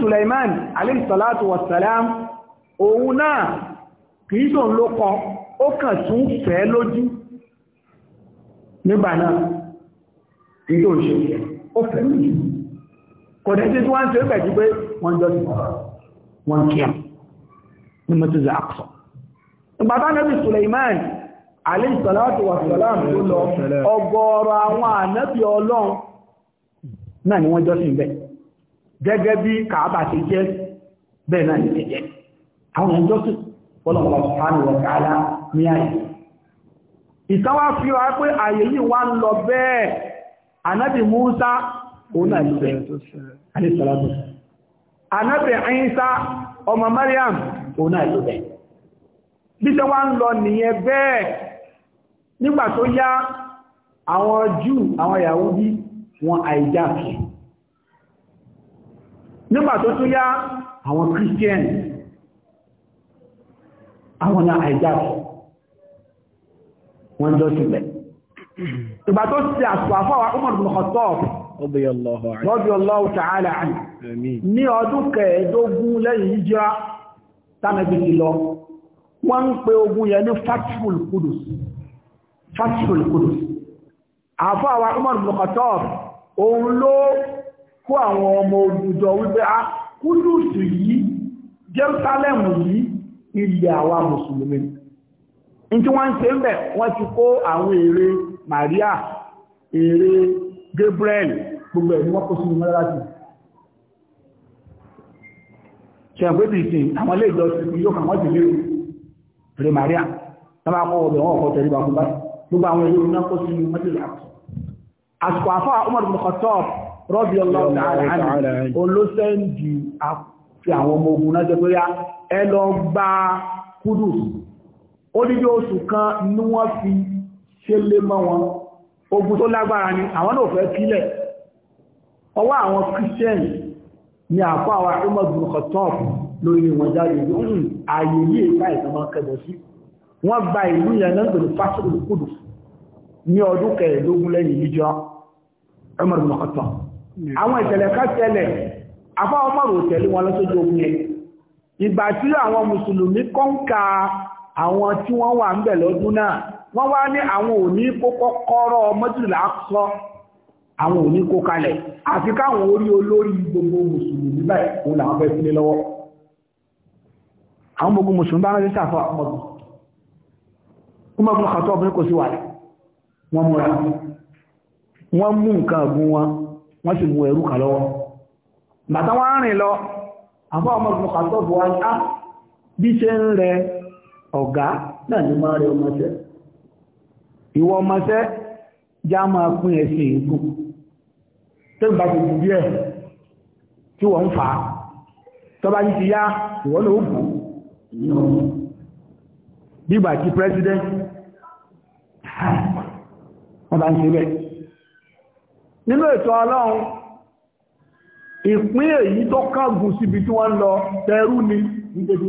Suleiman wasalam tó nígbà náà ní tó ń ṣe ìṣẹ́ ó fẹ́rù jù kò ní tí wọ́n ń ṣe pẹ̀jú pé wọ́n jọ sí wọ́n kí ẹ̀ ní mọ́tò zà àkùsọ̀ ìgbà bá nẹ́bí Suleiman alayhi salatu wa salam tó lọ ọgọ́rọ̀ àwọn ànábì Ọlọ́run náà ni wọ́n jọ ìtawà fi wá pé àyè yìí wá ń lọ bẹ́ẹ̀ anábì Musa òun náà ló bẹ́ẹ̀ alẹ́sàlábù anábì Isa ọmọ Mariam òun náà ló bẹ́ẹ̀ bí wá ń lọ nìyẹn bẹ́ẹ̀ nígbà tó yá àwọn Júù àwọn Yahudi wọn àìjáàkì nígbà tó tún yá àwọn Christian àwọn náà àìjáàkì wọ́n jọ sílẹ̀. ìgbà tó ti àṣùwà fáwà Umar bin Khattab radiyallahu ta'ala anhu ní ọdún kẹẹ̀ẹ́dógún lẹ́yìn hijira tánàbí ti lọ wọ́n ń pe ogun yẹn ní Fathul Qudus Fathul Qudus àfáwà Umar bin Khattab òun ló kó àwọn ọmọ ògùnjọ wípé a ah, Qudus yìí Jerusalem yìí ilẹ̀ àwa mùsùlùmí tí wọ́n ń ṣe ń bẹ̀ wọ́n ti kó àwọn ère Maria ère Gabriel gbogbo ẹ̀ ni wọ́n kó sínú mọ́lárátì ṣẹ̀gbẹ́bì ìsìn àwọn ilé ìjọsìn yóò kàn wọ́n ti lérò ère Maria tọ́bá kọ́ ọ̀bẹ̀ wọn ọ̀kọ́ tẹ̀lé bàbá gbogbo àwọn ère náà kó sínú mọ́lárátì àsìkò àfà Umar bin Khattab rọ́bí ọlọ́run olóṣẹ́ndì àfi àwọn ọmọ ogun náà jẹ́ pé ẹ lọ gba Kudus odidi oṣù kan ní wọ́n fi ṣe lé mọ́ wọn ogun tó lágbára ni àwọn náà fẹ́ kílẹ̀ ọwọ́ àwọn christian ni àpá àwọn àrímọ̀gbùn kọ̀tọ́ọ̀f lórí wọn jáde ní ààyè yìí ìgbà ìsànmọ́ kẹjọ sí wọ́n gba ìlú yẹn náà pẹ̀lú pásítọ̀ kùdù ní ọdún kẹẹ̀ẹ́dógún lẹ́yìn ìjọ ọmọdún kọ̀tọ́ọ̀f àwọn ìṣẹ̀lẹ̀ ká ṣẹlẹ̀ afá ọmọrò tẹ̀lé wọn lọ́sọ́jọ́ ogun yẹn ìgbà tí àwọn mùsùlùmí kọ́ńkà àwọn tí wọ́n wà ń bẹ̀ lọ́dún náà wọ́n wá ní àwọn òní kó kọ́kọ́rọ́ mọ́jìlá sọ àwọn òní kó kalẹ̀ àti káwọn orí olórí gbogbo mùsùlùmí báyìí òun làwọn fẹ́ sílé lọ́wọ́ àwọn gbogbo mùsùlùmí bá rẹ̀ sàfọ́ ọmọdún kúmọ̀ fún ọkàtọ́ ọbẹ̀ kò sí wà wọ́n múra wọ́n mú nǹkan ọ̀gùn wọn wọ́n sì mú ẹrú kan lọ́wọ́ bàtà wọ́n rìn lọ àfọ́ ọmọdún ọkàtọ́ bọ̀ wá ah, bí ṣe ń rẹ ọ̀gá náà ni máa rẹ ọmọṣẹ́ ìwọ ọmọṣẹ́ já máa pín ẹ̀sìn ìgùn tó ń bá ti gùn díẹ̀ tí wọ́n ń fà á tó bá yìí ti yá ìwọ náà ó bù bígbà tí president wọ́n bá ń ṣe bẹ́ẹ̀ nínú ètò ọlọ́run ìpín èyí tó kágùn síbi tí wọ́n lọ tẹrú ni nítorí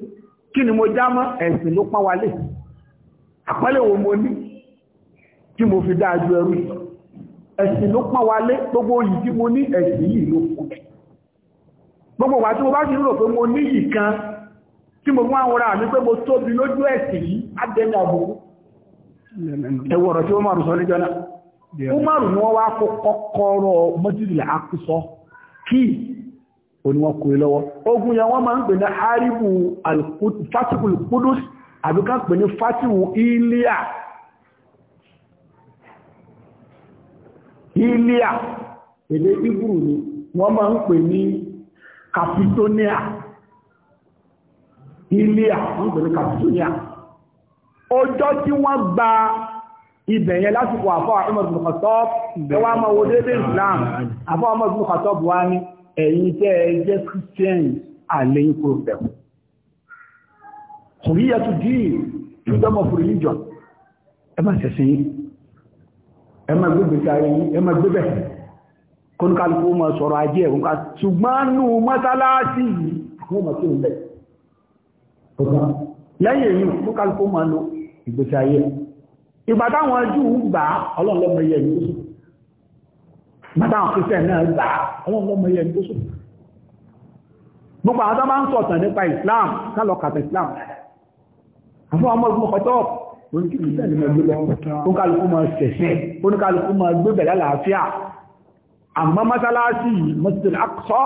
kí ni mo já mọ́ ẹ̀sìn ló pán wálé àpẹ́lẹ̀ wo mo ní tí mo fi dáa ju ẹrú ẹ̀sìn ló pán wálé gbogbo yìí tí mo ní ẹ̀sìn yìí ló fún gbogbo wà tí mo bá ti rò pé mo ní yìí kan tí mo wá wọ́ra mi pé mo tóbi lójú ẹ̀sìn yìí adẹ́ni àbùkù ẹwọ̀rọ̀ tí ó márùn sọ níjọ́ náà ó márùn ni wọ́n wá kọ́kọ́rọ̀ mọ́jìlá oníwọ́kùnrin lọ́wọ́ ogun yẹn wọ́n máa ń pè ní haribu fatihu kudus àbí ká pè ní fatihu ilia ilia èdè ibùrù ni wọ́n máa ń pè ní capitonia ilia wọ́n pè ní capitonia ọjọ́ tí wọ́n gba ibẹ̀ yẹn lásìkò àfọ́ Umar ẹwà máa wo Islam àfọ́ ẹ̀yin tẹ́ ẹ jẹ́ christian àlẹ́yìn problem kòríyà tó dí freedom of religion ẹ má ṣẹ̀sìn yìí ẹ má gbé gbèsè ayé yìí ẹ má gbé bẹ̀ kónkálukú ma sọ̀rọ̀ ajé ẹ̀kún ká ṣùgbọ́n nù mọ́sálásí yìí wọ́n mọ̀ sí ilẹ̀ lẹ́yìn èyí kónkálukú ma lo ìgbèsè ayé ìgbà táwọn Júù gbà ọlọ́ọ̀lọ́mọ yẹ̀ yìí bàtà àwọn kristian náà gbà ọlọ́run lọ́mọ yẹn tó sùn gbogbo àwọn tó máa ń sọ̀tàn nípa islam kálọ̀ kàtà islam àfún ọmọ ìgbìmọ̀ ọ̀tọ̀ oníkàlùkù máa gbé lọ oníkàlùkù máa ṣẹ̀ṣẹ̀ oníkàlùkù máa gbé bẹ̀rẹ̀ àlàáfíà àmọ́ mọ́sálásí Masjid Al-Aqsa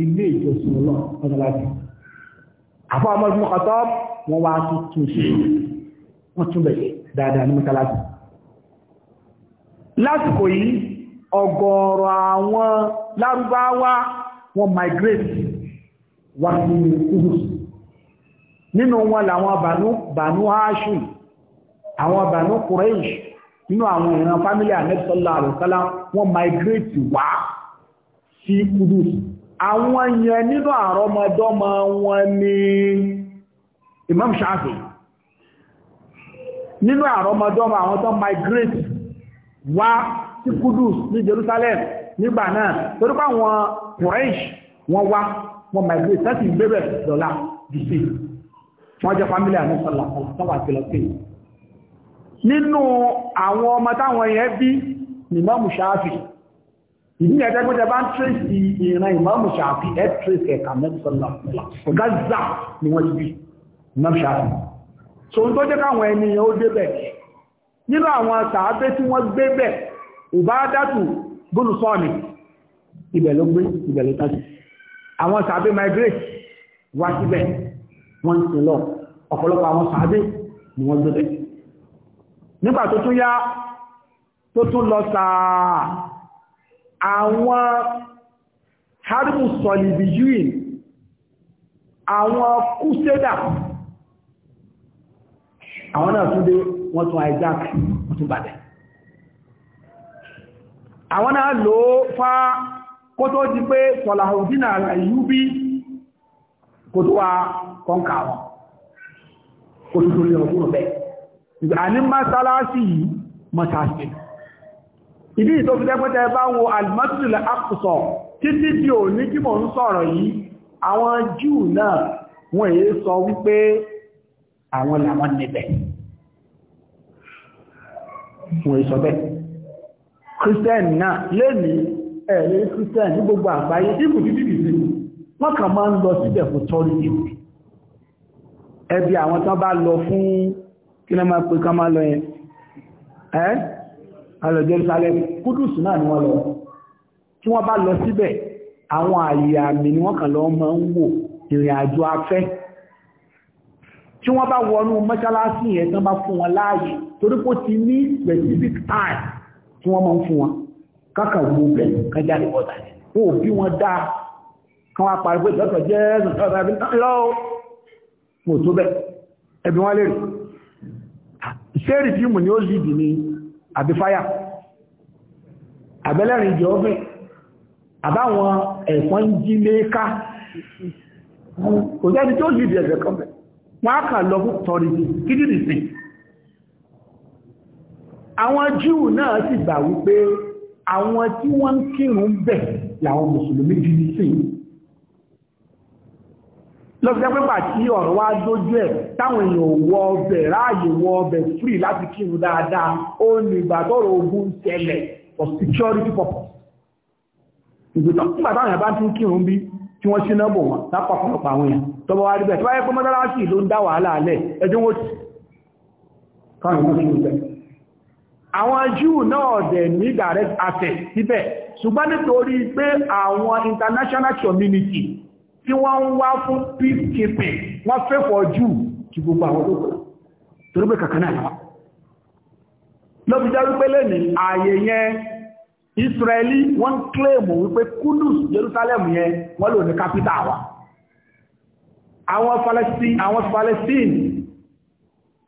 ilé ìjọsìn ọlọ́run mọ́sálásí àfún ọmọ ìgbìmọ̀ ọ̀tọ̀ wọ́n wá tuntun sí wọ́n tún bẹ̀rẹ̀ dáadáa ní mọ́sálásí lásìkò yìí ọ̀gọ̀ọ̀rọ̀ àwọn lárúbáwá wọn migrate wà sí kúrò nínú wọn làwọn bànú aṣù àwọn bànú kùrẹ́ṣì nínú àwọn ìran fámílì àmẹ́sọ́lá àrùsálá wọn migrate wá sí kúrò àwọn yẹn nínú àrọmọdọ́mọ wọn ni Imam Shafi nínú àrọmọdọ́mọ àwọn tó migrate wá sí Kudus ní Jerusalem nígbà náà torí pé àwọn Quraysh wọ́n wá wọ́n migrate láti gbébẹ̀ dọ̀là dc wọ́n jẹ́ family àmì sọ̀là sọ̀là àtìlọ́sìn nínú àwọn ọmọ táwọn yẹn bí ní Imam Shafi ìdí ni ẹgbẹ́ gbọ́dọ̀ bá ń tírèsì ìran Imam Shafi ẹ̀ tírèsì ẹ̀ka àmì sọ̀là Gaza ni wọ́n ti bí Imam Shafi so n tó jẹ́ káwọn ènìyàn ó débẹ̀ nínú àwọn sàábé tí wọ́n gbébẹ̀ Ubadatu búlù sọ́ọ̀nì ibẹ̀ ló gbé ibẹ̀ ló tájú àwọn sàábé migrate wá síbẹ̀ wọ́n ti lọ ọ̀pọ̀lọpọ̀ àwọn sàábé ni wọ́n gbé nígbà tó tún yá tó tún lọ sàá àwọn harimu sọ̀lìbì yúìn àwọn náà tún dé wọ́n tún àìjáàkì wọ́n tún bàdẹ̀ àwọn náà lò ó fá kó tó di pé Salahuddin Ayyubi kò tó wá kọ́ǹkà wọn kò tó tó lè ọkùnrin bẹ́ẹ̀ ìgbà ní mọ́sálásí yìí mọ́sálásí ìdí ìtòfilẹ́pẹ́tẹ́ bá wo Al-Masjid Al-Aqsa títí tí ò ní kí mò ń sọ̀rọ̀ yìí àwọn Júù náà wọ́n èé sọ wípé àwọn làwọn níbẹ̀ wọ́n èé sọ bẹ́ẹ̀ christian náà lẹ́nìí ẹ̀rẹ́ christian ní gbogbo àgbáyé ibù títí bìí sí wọ́n kàn máa ń lọ síbẹ̀ fún tọ́lìdì ẹbí àwọn tán bá lọ fún kí lọ máa pè ká máa lọ yẹn ẹ́ alọ Jerusalem kúdùsù náà ni wọ́n lọ tí wọ́n bá lọ síbẹ̀ àwọn àyè àmì ni wọ́n kàn lọ máa ń wò ìrìn àjò afẹ́ tí wọ́n bá wọnú mọ́ṣáláṣí yẹn tán bá fún wọn láàyè torí kó ti ní specific time tí wọ́n máa ń fún wọn káàkà wo bẹ̀ kájáde wọ́ta ní ó bí wọ́n dá kan wá parí pé ìtọ́tọ̀ jẹ́ mo tó bẹ́ ẹbí wọ́n lè rí ṣéèrì tí mò ní ó lìdì ní àbífáyà àbẹ́lẹ́rin jẹ́ ọ́gbìn àbáwọn ẹ̀fọn jí léka kò jẹ́ni tí ó lìdì ẹ̀fẹ̀ kan bẹ̀ wọ́n á kà lọ fún tọrìtì kídìrì sìn àwọn Júù náà sì gbà wípé àwọn tí wọ́n ń kírun bẹ̀ làwọn mùsùlùmí jí ní sí lọ́fẹ́ pẹ́pà tí ọ̀rọ̀ wá dójú ẹ̀ táwọn èèyàn wọ ọbẹ̀ ráàyè wọ ọbẹ̀ free láti kírun dáadáa ó ní ìgbà tọ́rọ̀ ogun tẹ́lẹ̀ for security purpose ìgbìtọ́ nígbà táwọn èèyàn bá tún kírun bí tí wọ́n ṣíná bò wọn lápapọ̀lọpọ̀ àwọn èèyàn tọ́bọ̀ wá rí bẹ̀ tí wáyé pé mọ́tàlásì dá wàhálà alẹ́ ẹjọ́ wọ́n ti àwọn Júù náà dẹ̀ ní direct access síbẹ̀ ṣùgbọ́n nítorí pé àwọn international community tí wọ́n ń wá fún peacekeeping wọ́n fẹ́fọ́ Júù kí gbogbo àwọn olóko torí pé kàkánà ló fi jẹ́ wípé lẹ́ni ààyè yẹn Israeli wọ́n kílèmù wípé Kudus Jerusalem yẹn wọ́n lò ní capital wa àwọn Palestine àwọn Palestine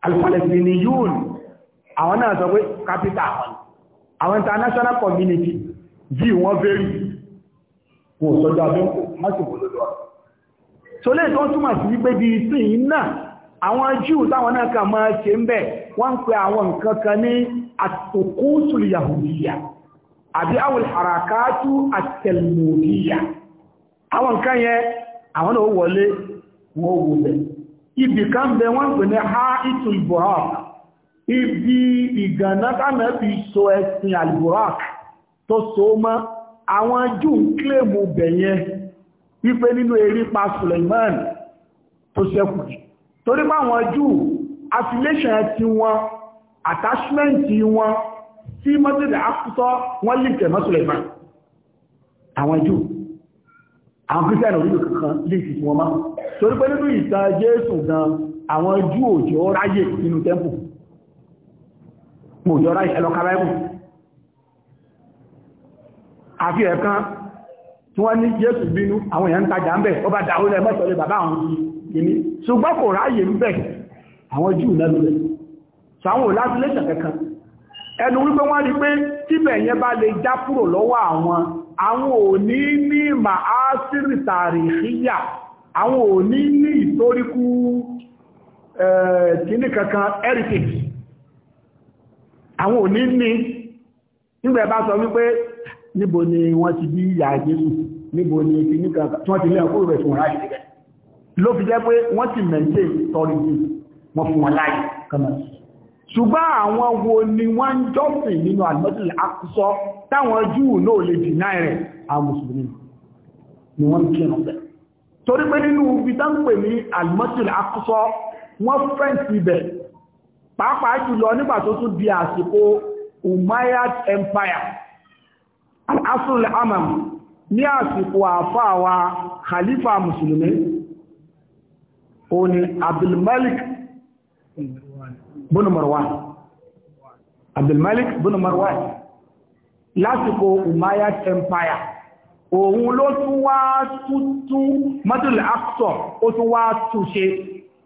al-Palestiniyun àwọn náà sọ pé capital àwọn international community bí wọ́n bẹ̀rẹ̀ kò sọ́jọ́ abẹ́kù mọ́sìkò lọ́dọ̀ ọ̀rọ̀ so lè tó túnmà sí wípé bí sí iná àwọn Júù táwọn náà kà máa ṣe ń bẹ̀ wọ́n ń pè àwọn nǹkan kan ní àtòkúsùlù yahudiya àbí àwọn àràkátú àtẹ̀lmòdíyà àwọn nǹkan yẹn àwọn náà wọlé wọ́n wọlé ibì kan bẹ wọ́n pè ní ha ìtù ìbọ̀rọ̀ ibi ìgànná tánà fi so ẹ̀sìn alburak tó so mọ́ àwọn jù ń kílèmù bẹ̀yẹn wípé nínú eré pa Suleiman tó ṣẹ́kù torí pé àwọn jù affiliation ti wọn attachment wọn sí mọ́tẹ̀dẹ̀ akútọ́ wọ́n lè tẹ̀mọ́ Suleiman àwọn jù àwọn kírísẹ́nì orílẹ̀ kankan lè fi wọn mọ́ torí pé nínú ìtàn Jésù gan àwọn jù òjò ráyè nínú tẹ́mpù mo jọra ẹlọ́ka báyìí àfi ẹ̀kan tí wọ́n ní jésù bínú àwọn èèyàn ń tajà ń bẹ̀ ó bá dáwó lẹ́ mọ́sọ̀lẹ̀ bàbá àwọn ojú ìní ṣùgbọ́n kò ráyè ń bẹ̀ àwọn jù lẹ́nu rẹ̀ so àwọn òlásílẹ̀ṣẹ̀ kankan ẹnu wípé wọ́n rí pé tíbẹ̀ yẹn bá lè eh, kankan heritage àwọn òní ní nígbà ẹ bá sọ wípé níbo ni wọ́n ti bí ìyá Jésù níbo ni ti ní kankan tí wọ́n ti lẹ́yìn kúrò rẹ̀ fún ráyè níbẹ̀ ló fi jẹ́ pé wọ́n ti maintain tọrí jù wọ́n fún wọn láyè kọ́nà ṣùgbọ́n àwọn wo ni wọ́n ń jọ́sìn nínú àlọ́sìn àkúsọ táwọn Júù náà lè dìná torí pé nínú ibi tá pè ní àlọ́sìn àkúsọ wọ́n fẹ́ǹsì bẹ̀ pàápàá jùlọ nígbà tó tún di àsìkò umayyad empire asrul amam ní àsìkò àfáà wa khalifa musulmi òní abdulmalik bin marwan abdulmalik bin marwan lásìkò umayyad empire òun ló tún wá tútú mọ́tòlù aqsa ó tún wá túnṣe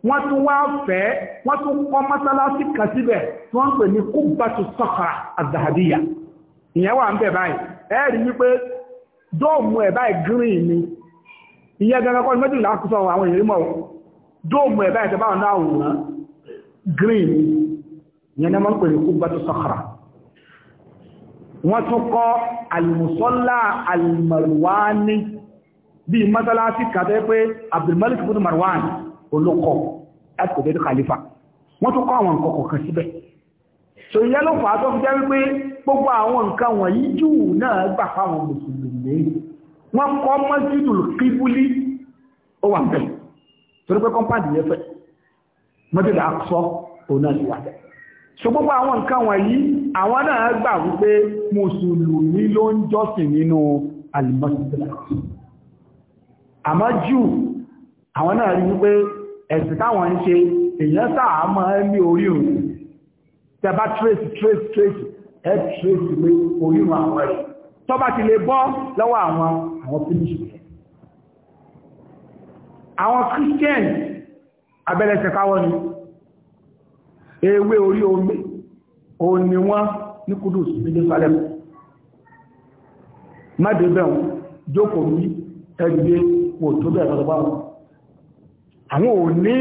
wọ́n tún wá fẹ́ wọ́n tún kọ́ mọ́sálásí kan síbẹ̀ tí wọ́n pè ní kúbàtù sọ́kàrà àzàhàdìyà ìyẹn wà ń bẹ̀ báyìí ẹ wípé dóòmù ẹ̀ báyìí green ni ìyẹn gangan kọ́ ni méjì àwọn èèyàn mọ̀ dóòmù ẹ̀ báyìí tẹ́báwọn ni ìyẹn ni wọ́n pè ní sọ́kàrà wọ́n tún kọ́ àlùmùsọ́lá bíi mọ́sálásí olókọ̀ láti kò dédé kàlífà wọ́n tún kọ́ àwọn nǹkan kọ̀ọ̀kan síbẹ̀ so ìyá ló fà á tó fi jẹ́ wípé gbogbo àwọn nǹkan wọ̀nyí jù náà gbà fáwọn mùsùlùmí wọ́n kọ́ mọ́sídù kíbúlí ó wà bẹ́ẹ̀ torí pé kọ́mpáàdì yẹn fẹ́ mọ́sídù àkọ́sọ́ òun náà sì wà bẹ́ẹ̀ so gbogbo àwọn nǹkan wọ̀nyí àwọn náà gbà wípé mùsùlùmí ló ń jọ́sìn nínú alimọ́sídù àkọ́sọ́ àmọ́ jù àwọn náà rí wípé ẹ̀sìn táwọn ń ṣe èèyàn sáà máa ń ní orí òun tẹba trace trace trace ẹ trace pé orí òun àwọn ẹ̀ tọ́ba ti lè bọ́ lọ́wọ́ àwọn àwọn finish àwọn Christian abẹ́lẹ́sẹ̀ káwọ́ ni ewé orí omi òun ni wọ́n ní Kudus ní Jerusalem má débẹ̀ wọn jókòó ní ẹgbẹ́ wò tó bẹ̀rẹ̀ lọ́wọ́ àwọn ò ní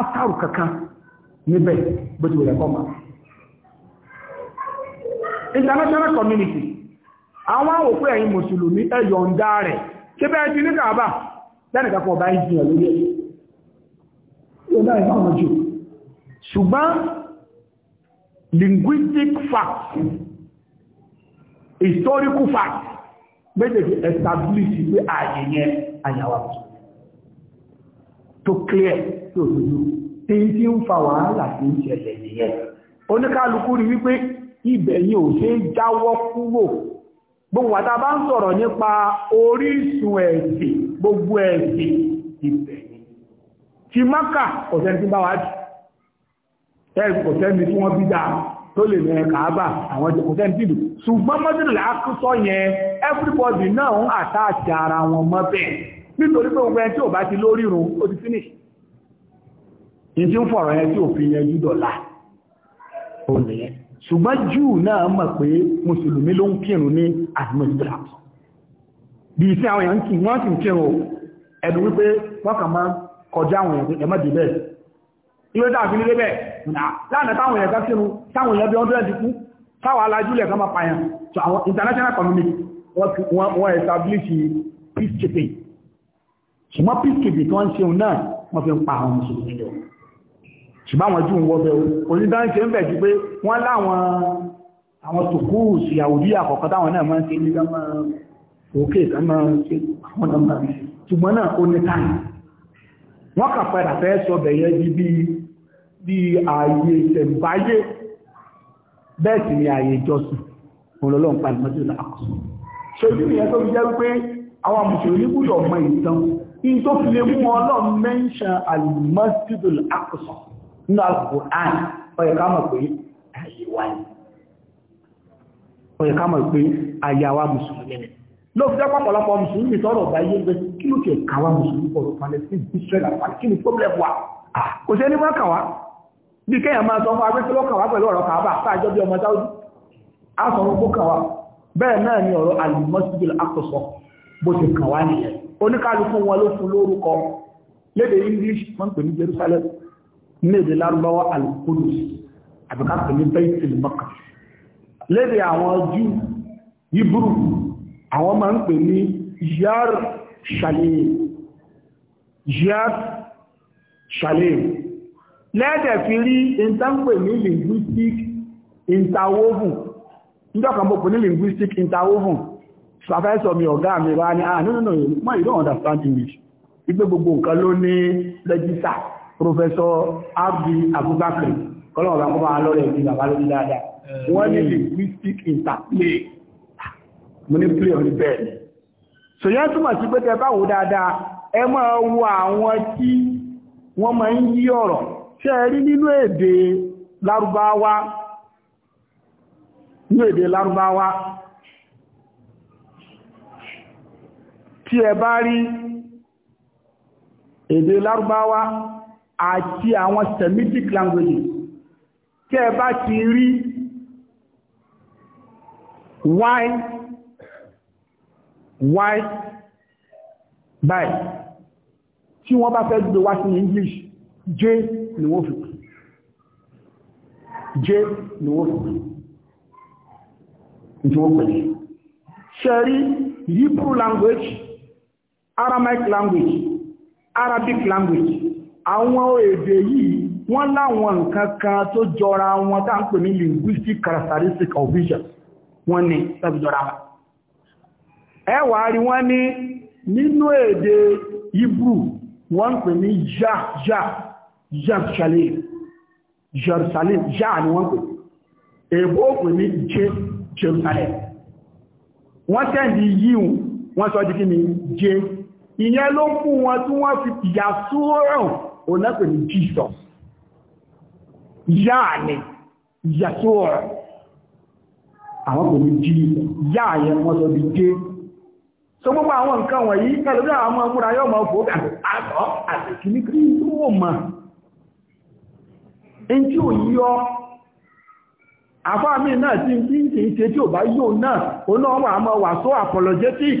áfàrù kankan níbẹ̀ bó ti wùlẹ̀ international community àwọn òpé ẹ̀yin mùsùlùmí ẹ̀yọ̀ ń dá rẹ̀ kí bẹ́ẹ̀ ti ní kàábà ọba ìjìyàn lórí ṣùgbọ́n linguistic fact historical fact méjèèjì pé ààyè yẹn tó clear tó dúdú tí tí ń fa wàhálà sí ìṣẹ̀lẹ̀ nìyẹn oníkálukú rí wípé ibẹ̀ yìí ò ṣe jáwọ́ kúrò gbogbo wa tá bá ń sọ̀rọ̀ nípa orísun ẹ̀sìn gbogbo ẹ̀sìn ibẹ̀ ni ti maka ọ̀sẹ̀ tí bá wá jù ẹ̀kọ̀sẹ́ni tí wọ́n bí dáa tó lè rẹ̀ kàábà àwọn ìjọkọ̀sẹ́ ìdìdù ṣùgbọ́n mọ́sílẹ̀ àkúsọ́ yẹn everybody náà ń àtàṣì ara wọn mọ́ bẹ́ẹ̀ nítorí pé ogun ẹ tí ò bá ti lórí irun ó ti finish in tí ń fọ̀rọ̀ ẹ tí ò fi yẹn júdọ̀lá ò nìyẹn ṣùgbọ́n júù náà mọ̀ pé mùsùlùmí ló ń kírun ní àdìmọ̀júdọ̀lá bí iṣẹ́ àwọn èèyàn kí wọ́n sì ń kírun ẹ̀dù wípé wọ́n kàn máa kọjá àwọn èèyàn ẹ má dé bẹ́ẹ̀ ilé tá a fi nílé international community wọ́n establish peace keeping ṣùgbọ́n pkb tó ń ṣeun náà wọ́n fi ń pa àwọn mùsùlùmí lọ ṣùgbọ́n àwọn jù ń wọ́ bẹ́ẹ̀ onídáńṣe ń bẹ̀ ju pé wọ́n láwọn àwọn tòkú ìyàwódí àkọ́kọ́ táwọn náà máa ń ṣe nígbà máa òkè ìtàmà ṣe àwọn ọmọ ṣùgbọ́n náà ó ní táì wọ́n kà padà fẹ́ sọ bẹ̀yẹ bí ààyè ìṣẹ̀mbáyé bẹ́ẹ̀ sì ni ààyè ìjọsìn ọlọ́lọ́pàá ìmọ́jú làkọ̀ọ́ in tó fi lè mú ọlọ́run mẹ́ṣà alìmọ́sídùl àkùsọ̀ nínú Al-Qur'an ọ̀yẹ̀kámọ̀ pé àyíwá ni ọ̀yẹ̀kámọ̀ pé àyàwá mùsùlùmí ni ló fi dápọ̀ ọ̀pọ̀lọpọ̀ mùsùlùmí tọ́rọ̀ bá yé gbé kí ló kẹ̀ káwá mùsùlùmí pọ̀rọ̀ Palestine Israel àpàlẹ̀ kí ni problem wà kò sí ẹni máa kàwá bí kéèyàn máa sọ fún agbésílọ́ kàwá pẹ̀lú ọ̀rọ̀ kàwá àtàjọ bí ọmọ Saudi á sọ bẹ́ẹ̀ náà ni ọ̀rọ̀ Al-Masjid bó ti kàwá nìyẹn oníkálukú wọn ló fún lórúkọ lédè English wọ́n pè ní Jerusalem lédè lárúbáwá al-Qudus àbíká pè ní Baitul Maqdis lédè àwọn Júù Hebrew àwọn máa ń pè ní yar shalim yar shalim lẹ́ẹ̀dẹ̀ fi rí ìntánpè ní linguistic interwoven ìjọ́kànbọ̀ pè ní linguistic interwoven professor mi ọ̀gá mi wá ní ah no no no ma you don't understand English igbe gbogbo nǹkan ló ní lẹ́jísà professor abdi abubakar kọ́lọ̀wọ̀ bá kọ́bá lọ́rẹ̀ ìdí bàbá lórí dáadáa wọ́n ní linguistic interplay mo ní play on the bed so yẹn túmọ̀ sí pé tẹ báwo dáadáa ẹ máa wo àwọn tí wọ́n máa ń yí ọ̀rọ̀ ṣe é rí nínú èdè lárúbáwá nínú èdè lárúbáwá tí ẹ bá rí èdè lárúbáwá àti àwọn semitic languages tí ẹ bá ti rí why why by tí wọ́n bá fẹ́ gbé wá sí English j ni wọ́n fi j ni wọ́n fi ìjọ pẹ̀lú ṣe rí Hebrew language Aramaic language Arabic language àwọn èdè yìí wọ́n láwọn nǹkan kan tó jọra wọn tá ń pè ní linguistic characteristic of vision wọ́n ní tàbí jọra wọn ẹ rí wọ́n ní nínú èdè Hebrew wọ́n ń pè ní yah yah Jerusalem Jerusalem yah ni wọ́n pè èbó pè ní Jerusalem wọ́n tẹ́ndì yíò wọ́n sọ di kí ni jẹ́ ìyẹn ló mú wọn tí wọ́n fi ìyà sóòrùn onápẹ̀ ní Jesus yáà ni ìyà sóòrùn àwọn kò ní Jesus yáà yẹn wọ́n sọ di jé so gbogbo àwọn nǹkan wọ̀nyí ẹlòmí àwọn ọmọ ọmọ yóò mọ̀ fò àtọ́ àtẹ̀kì ní kí yóò mọ̀ in tí ò yíọ́ àfáàmì náà tí ń tí ń ṣe tí ò bá yóò náà ó náà wà mọ́ wà so apologetic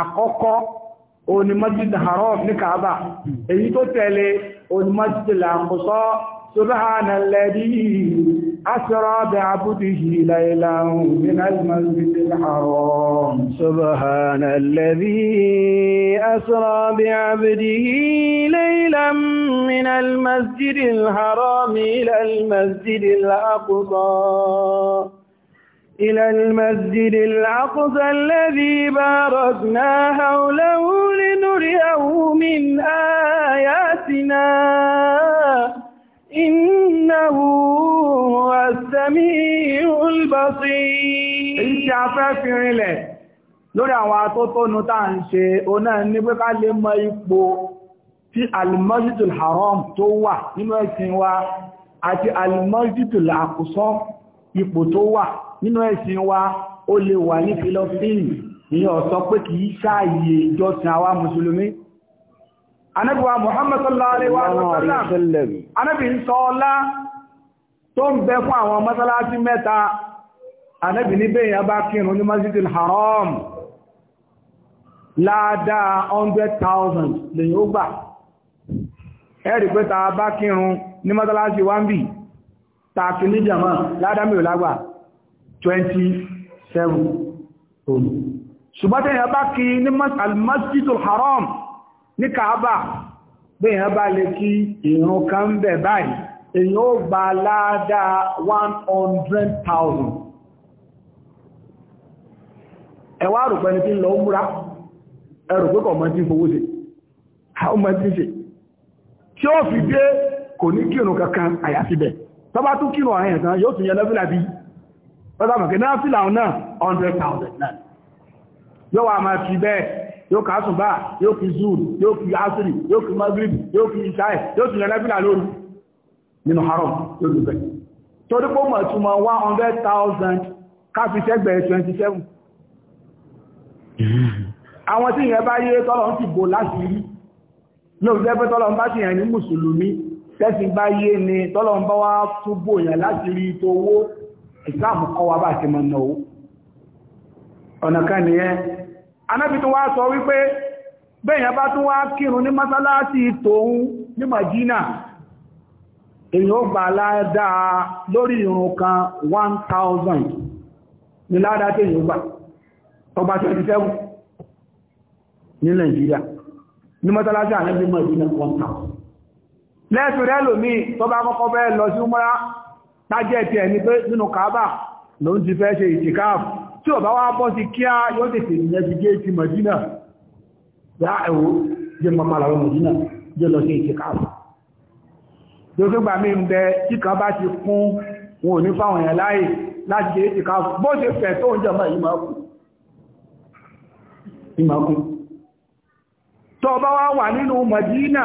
àkọ́kọ́ òní masjid haram ní kaaba èyí tó tẹ̀lé òní masjid al-aqsa subhana alladhi asra bi abdihi laylan min al-masjid al-haram subhana alladhi asra bi abdihi laylan min al-masjid al-haram ila al-masjid al-aqsa إلى المسجد الأقصى الذي باركنا حوله لنريه من آياتنا إنه هو السميع البصير إن شعفا في عليه lórí àwọn atótónu táà ń ṣe oná ní pé ká lè mọ ipò tí almasjidul haram tó wà nínú ẹ̀sìn wa àti almasjidul aqsa ipò tó wà nínú ẹ̀sìn wa ó lè wà ní philippines ní ọ̀sọ́ pé kì í ṣáàyè ìjọsìn àwa mùsùlùmí anábíwa muhammad wa sallam anábí ń sọ ọlá tó ń bẹ fún àwọn mọ́sálásí mẹ́ta anábí ní bẹ́yàn bá kírun ní masjidil haram láàdáa 100,000 lèyìn ó gbà ẹ̀rì pé bá kírun ní mọ́sálásí wambi tààfin ní jàmá ládámì òlágbà 27 òní ṣùgbọ́n tẹ́yàn bá kí ní almasjidul haram ní kaaba bẹ́yàn bá lè kí ìrun kan bẹ̀ báyìí èyàn ó gba ládáa 100,000 ẹwà rùpẹ́ ní tí ń lọ múra ẹrù pé kọ̀ mọ́ tí fowó ṣe àwọn mọ́ tí ṣe tí ó fi dé kò ní kírun kankan àyàfi bẹ́ẹ̀ tó bá tún kírun ọ̀rẹ́ ẹ̀sán yóò tún yẹ lọ́fílà bí pẹ́sàmọ̀kẹ́ náà fílà náà 100,000 náà yóò wà máa fi bẹ́ẹ̀ yóò kásùn bá yóò fi zuru yóò fi asiri yóò fi magrib yóò fi isai yóò tún yẹ lọ́fílà lóru nínú haram yóò lù bẹ́ẹ̀ torí pé mọ̀ túnmọ̀ 100,000 káfí sẹ́gbẹ̀ẹ́ 27 àwọn tí ìyẹn bá yé tọ́lọ̀ ń ti bò láti rí tẹ́sìn bá yé ni tọ́lọ̀ ń bá wá túbò yàn láti rí tó owó ìsáàmù kọ́ wa bá ti mọ̀ náà ọ̀nà kan nìyẹn anábi tó wá sọ wípé bẹ́yàn bá tún wá kírun ní mọ́sálásí tòun ní Madina èyàn ó gbà ládáa lórí ìrun kan 1000 ní ládáa tí èyàn gbà ọba 27 ní Nàìjíríà ní mọ́sálásí anábi Madina 1000 lẹ́sùn rẹ̀ lòmí tó bá kọ́kọ́ bẹ́ẹ̀ lọ sí múra tájẹ̀tì ẹni pé nínú kaaba ló ń ti fẹ́ ṣe ìtìkáàfù tí ò bá wá bọ́ sí kíá yóò tètè ìyẹn ti gé ti Mẹdínà yá ẹ̀wọ́ jẹ́ mọ́mọ́ làwọn Mẹdínà jẹ́ lọ sí wá wà nínú Mẹdínà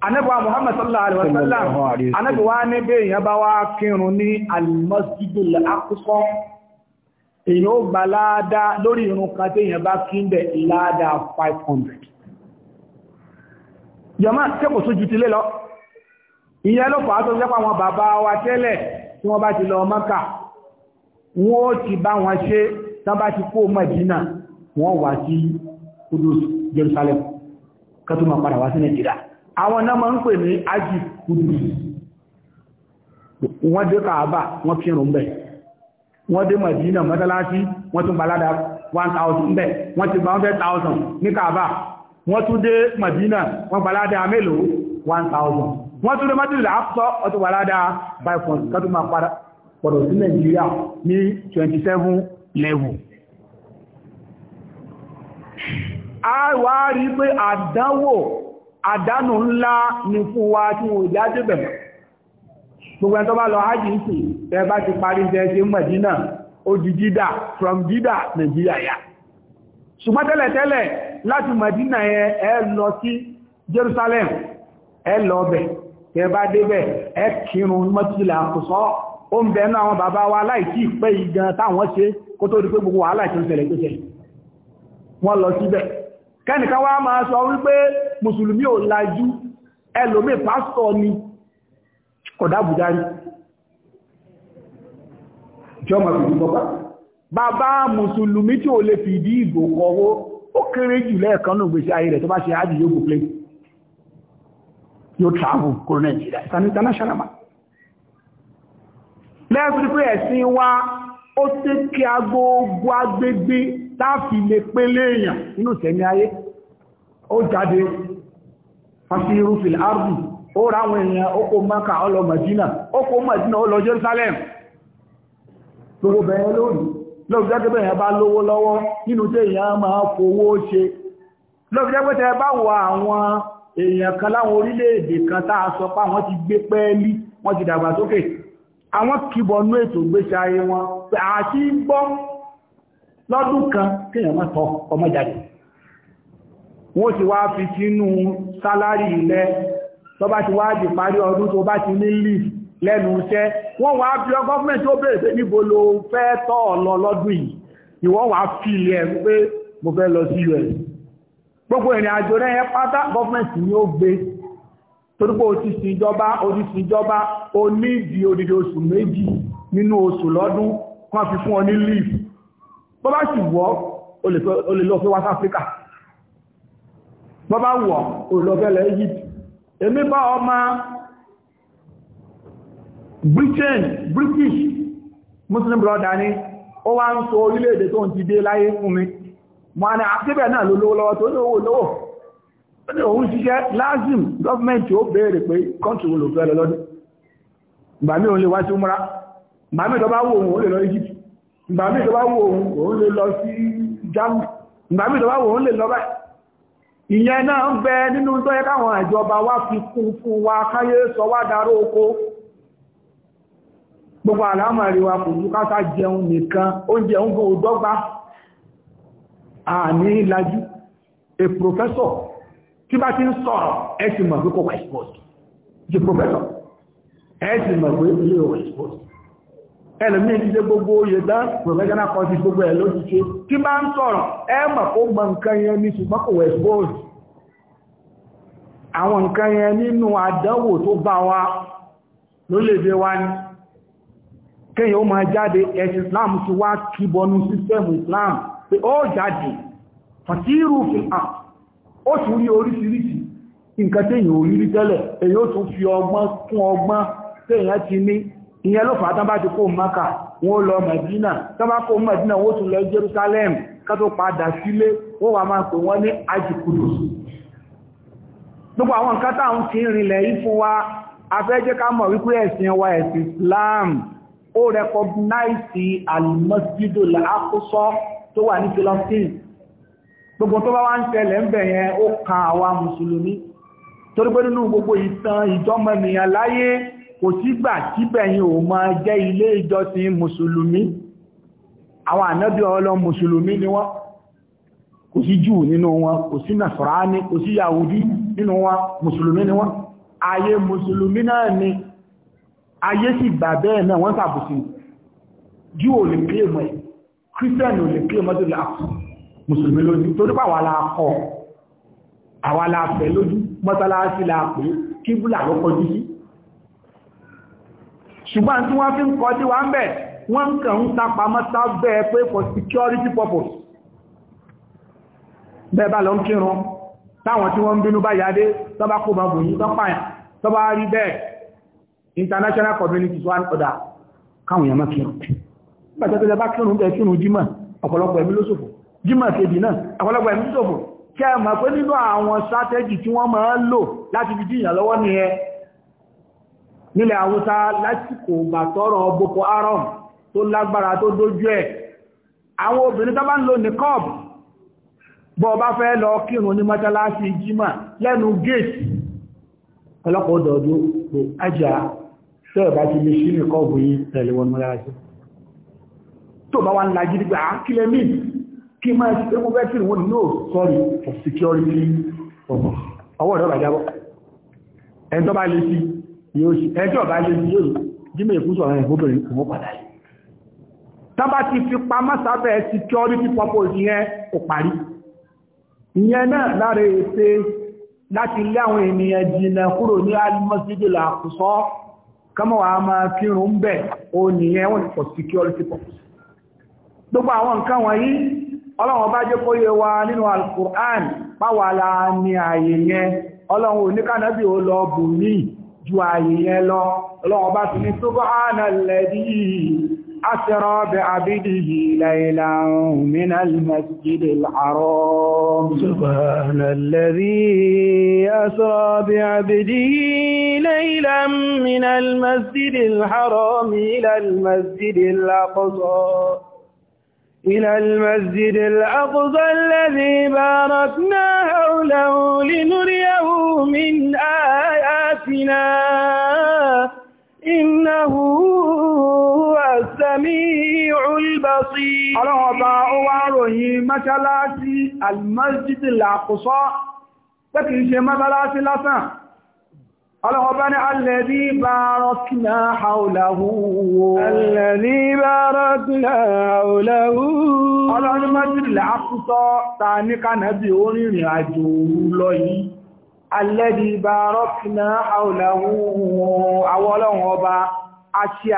anẹ́bọ̀ Muhammad sallallahu alaihi wasallam anẹ́bọ̀ wá ní bí èyàn bá wá kírun ní al-Masjidul Aqsa èyàn ó gba láàdá lórí irun kan tí èyàn bá kí ń bẹ̀ láàdá 500 jọmọ́ tẹ́kù sójú ti lé lọ ìyẹn ló fàá tó jẹ́pà wọn bàbá wa tẹ́lẹ̀ tí wọ́n bá ti lọ Mẹ́kà wọ́n ó ti bá wọn ṣe tán bá ti kó Mẹ́dínà wọ́n wà sí Kudus Jerusalem kẹtùmọ̀ padà wá sí Nàìjíríà àwọn náà máa ń pè ní ájì kùdùs wọ́n dé kàábà wọ́n fi rùn bẹ̀ wọ́n dé mọ̀dínà mọ́tálásí wọ́n tún balada 1000 bẹ̀ wọ́n ti gba 100,000 ní kàábà wọ́n tún dé mọ̀dínà wọ́n balada mélòó 1000 wọ́n tún dé mọ́tálásí àpọ̀ level a wá rí pé àdánwò àdánù ńlá ni fún wa tí wọ́n ìdá dé bẹ̀rẹ̀ gbogbo ẹ̀tọ́ bá lọ hajji ń sì tẹ́ bá ti parí tẹ́ẹ̀ṣe ń Mẹ̀dínà jídà from jídà Nàìjíríà yá ṣùgbọ́n tẹ́lẹ̀tẹ́lẹ̀ láti Mẹ̀dínà yẹn ẹ lọ sí Jerusalem ẹ lọ bẹ̀ tẹ́ bá débẹ̀ ẹ kírun mọ́tílà àkùsọ́ ó ń bẹ̀ẹ́nà àwọn bàbá wa láìsí ìpẹ́ igan táwọn ṣe kó tó di pé gbogbo wàhálà kẹ́nìkan wá máa sọ wípé mùsùlùmí ò lajú ẹlòmí pásítọ̀ ni kọ̀dá bùdárí jọmọ̀ fìdí bọ́pá bàbá mùsùlùmí tí ò lè fìdí ìgò kọwọ́ ó kéré jù lẹ́ẹ̀kan náà gbèsè ayé rẹ̀ tó bá ṣe ájì yóò gò yóò travel kúrò nàìjíríà ìtàn international man lẹ́ẹ̀kùn pé ẹ̀sìn wa ó tẹ́ kí táàfì lè pé léèyàn nínú tẹ̀mí ayé ó jáde fasiru fil ardi ó ráwọn èèyàn ó kó Mákà ó lọ Mẹdínà ó kó Mẹdínà ó lọ Jerusalem gbogbo bẹ̀rẹ̀ lónìí lọ́gbẹ́gbẹ́ bẹ̀rẹ̀ bá lówó lọ́wọ́ nínú tí èèyàn máa fowó ṣe lọ́gbẹ́gbẹ́ tẹ́ bá wọ àwọn èèyàn kan láwọn orílẹ̀-èdè kan tá lọ́dún kan kíyàn mọ́ tọ́ ọmọ jáde wọ́n ti wá fi sínú sálárì ilẹ̀ tó bá ti wá di parí ọdún tó bá ti ní leave lẹ́nu iṣẹ́ wọ́n wá bí ọ gọ́ọ̀mẹ́ntì tó bèèrè níbo lo fẹ́ tọ́ ọ̀lọ lọ́dún yìí ìwọ́n wá fi ilẹ̀ pé mo fẹ́ lọ sí ni ó gbé torípò ti sìnjọba onísìnjọba onídìí odidi oṣù méjì nínú oṣù lọ́dún kan fi fún ọ ní bọ́ bá sì wọ́ o lè wá sáfíríkà bọ́ bá wọ́ lẹ́ Britain British Muslim brother ni ó wá ń sọ orílẹ̀-èdè tó ń ti dé láyé fún mi mọ́ ah, náà ló lówó lọ́wọ́ tó lówó lówó ní òun ṣiṣẹ́ lázìm gọ́ọ̀mẹ́ntì ó béèrè pé lọ́dún òun lè wá sí múra wò ìgbàmí tó bá wò òun lè lọ sí jámù ìgbàmí tó bá wò òun lè lọ báyìí ìyẹn náà ń bẹ nínú tó yẹ káwọn ìjọba wá fi kún fún wa káyé sọ wá darú oko gbogbo àlámàrí wa kò ní kásá jẹun nìkan oúnjẹ ń gbọ́n òdọ́gba àní lajú a professor tí bá ti ń sọ̀rọ̀ ẹ ti mọ̀ pé kò wà professor ẹ ti mọ̀ pé ilé ò expose ẹlùmí ìdíje gbogbo oyè dá professional courses gbogbo ẹ̀ ló ti ṣe tí bá ń sọ̀rọ̀ ẹ kó mọ nǹkan yẹn ní ṣùgbọ́n kò àwọn nǹkan yẹn nínú àdánwò tó bá wa ló lè dé wá ní ó máa jáde ẹ̀sìn Islam ti wá kíbọnú Islam pé ó jáde fàtírù fi hàn ó rí oríṣiríṣi nǹkan téèyàn ò rí rí tẹ́lẹ̀ èyí ó tún ìyẹn ló fà tán bá ti kó maka wọ́n lọ Medina tán bá kó Medina wọ́n tún lọ Jerusalem kátó padà sílé wọ́n wà máa pè wọ́n ní ajikudus gbogbo àwọn nǹkan táwọn kí ń rinlẹ̀ yìí fún wa afẹ́jẹ́ ká mọ̀ wípé ẹ̀sìn wa ẹ̀sìn Islam ó rẹkọgnáìsì almasjidu al-Aqsa tó wà ní Philippines gbogbo tó bá wá ń tẹ̀lẹ̀ ń bẹ̀ yẹn ó kan àwa mùsùlùmí torí pé kò sígbà tíbẹ̀ yìí ò máa jẹ́ ilé ìjọsìn mùsùlùmí àwọn ànábí ọlọ́run mùsùlùmí ni wọ́n kò sí jù nínú wọn kò sí nàṣọ́rání kò sí yahudi nínú wọn mùsùlùmí ni wọ́n ayé mùsùlùmí náà ni ayé sì gbà bẹ́ẹ̀ náà wọ́n sàbùsì jù ò lè pé mọ́ kírísítẹ́nì ò lè pé mọ́ musulumi, lè àpò mùsùlùmí lójú torí pàwà la kọ́ àwa la fẹ́ lójú mọ́tálásí la pé kíbùlà ló kọjú sí ṣùgbọ́n tí wọ́n fi ń kọ́ sí wa ń bẹ̀ wọ́n kàn ń tapa mọ́sá bẹ́ẹ̀ pé for security purpose bẹ́ẹ̀ bá lọ ń kírun táwọn tí wọ́n ń bínú bá yáde tọ́bá kó máa bòyí tọ́pàyàn tọ́bá rí bẹ́ẹ̀ international community one order káwọn èèyàn máa kírun bàtẹ́ tó lẹ́bá kírun bẹ́ẹ̀ kírun jímọ̀ ọ̀pọ̀lọpọ̀ ẹ̀mí ló ṣòfò jímọ̀ kejì náà ọ̀pọ̀lọpọ̀ ẹ̀mí ló ṣòfò kẹ́ mọ̀ pé nínú àwọn strategy tí wọ́n máa ń lò láti fi díyàn lọ́wọ́ nìyẹn nílẹ̀ Haúsá lásìkò gbàtọ́rọ̀ Boko Haram tó lágbára tó dójú ẹ̀ àwọn obìnrin tó bá ń lò ní cob bọ́ bá fẹ́ lọ kírun ní mọ́sálásí jímà lẹ́nu gate ọlọ́pọ̀ ọdọ̀ọdún pé ajá tó ẹ̀bá ti lè ṣí ní cob yìí tẹ̀lé wọn mọ́sálásí ah, no sorry for security ọwọ́ ìrọ̀bàjábọ̀ ẹni tó bá lè sí yóò ṣe ẹjọ́ bá lè ní yóò jímẹ̀ ìfúnṣọ̀ rẹ̀ ìfúnbìnrin kò mọ́ padà yìí tábà ti fi pamọ́ sábẹ́ security purpose yẹn ò parí ìyẹn náà lára ète láti lé àwọn ènìyàn jìnnà kúrò ní alimọ́sídì làkùsọ́ kọ́mọ̀wá máa kírun bẹ̀ ó nìyẹn wọ́n for security purpose gbogbo àwọn nǹkan wọ̀nyí ọlọ́run bá jẹ́ kó yé wa nínú alukur'an báwa la ní ààyè yẹn ọlọ́run oníkànábì ó lọ bù míì ju ààyè yẹn lọ ọlọ́wọ́ bá ti ní subhana alladhi asra bi abidihi laylan min al-masjid al-haram subhana alladhi asra bi abidihi laylan min al-masjid al-haram ila al-masjid al-aqsa إلى المسجد الأقصى الذي باركنا حوله لنريه من آياتنا إنه هو السميع البصير أرهباء وعرهيم مثلات المسجد الأقصى فكي شمثلات الأسان ọlọ́wọ́ ní alẹ́bí bá rọ́kínà àúláhù alẹ́bí bá rọ́kínà àúláhù ọlọ́wọ́ ní mọ́sílẹ̀ àkútọ́ ta ní kánàbí orìnrìn àjò lọ yìí alẹ́bí bá rọ́kínà àúláhù àwọn ọlọ́wọ́ ọba aṣí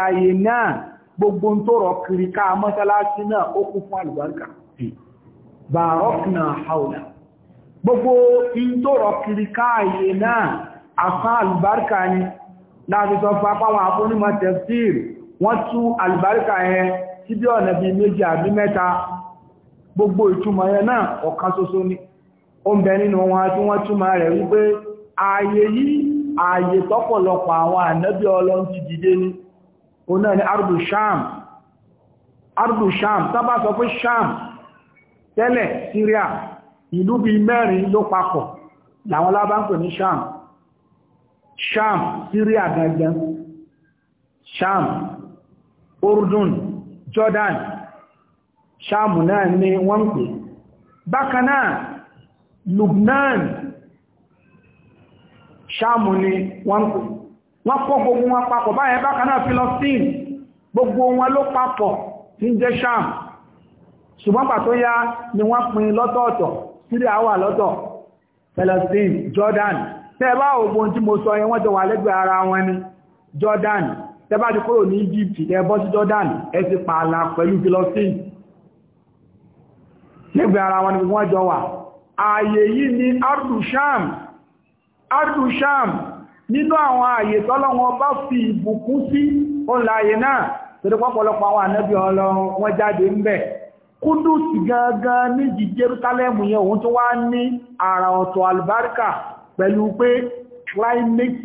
afá alùbáríkà ni láti sọ fún apáwọn afúnimọ̀ tẹ̀síìr wọ́n tú alùbáríkà yẹn sí bí ọ̀nà bíi méjì àbí mẹ́ta gbogbo ìtumọ̀ yẹn náà ọ̀kan ṣoṣo ni ó ń bẹ nínú wọn tí wọ́n túmọ̀ rẹ̀ wípé ààyè yìí ààyè tọ́pọ̀lọpọ̀ àwọn ànábì ọlọ́run ti dìde ni òun náà ni ardu sham ardu sham syria ìlú bíi mẹ́rin ló papọ̀ làwọn lábá ń pè sham syria gangan sham urdun jordan sham náà ni wọ́n pè bákan lubnan sham ni wọ́n pè wọ́n kọ́ gbogbo wọn papọ̀ báyẹn bákan náà philistine gbogbo wọn ló papọ̀ tí ń jẹ́ sham ṣùgbọ́n pàtó yá ni wọ́n pín lọ́tọ̀ọ̀tọ̀ syria wà lọ́tọ̀ philistine jordan tẹ́bá ogun tí mo sọ yẹn wọ́n jọ wà lẹ́gbẹ̀ẹ́ ara wọn ni Jordan tẹ́bá ti kúrò ní Egypt ẹbọ́ sí Jordan ẹ ti pààlà pẹ̀lú philistine lẹ́gbẹ̀ẹ́ ara wọn ni wọ́n jọ wà ààyè yìí ni ardusham ardusham nínú àwọn ààyè tọ́lọ́wọ́n bá fi ìbùkún sí ọláyé náà torí pọ́pọ̀lọpọ̀ àwọn ànábì ọlọ́run wọ́n jáde ń bẹ̀ kúdùsì gangan ní jíjẹ́rútálẹ́mù yẹn òun tó wá ní àrà ọ̀tọ̀ àlùbáríkà pẹ̀lú pé climate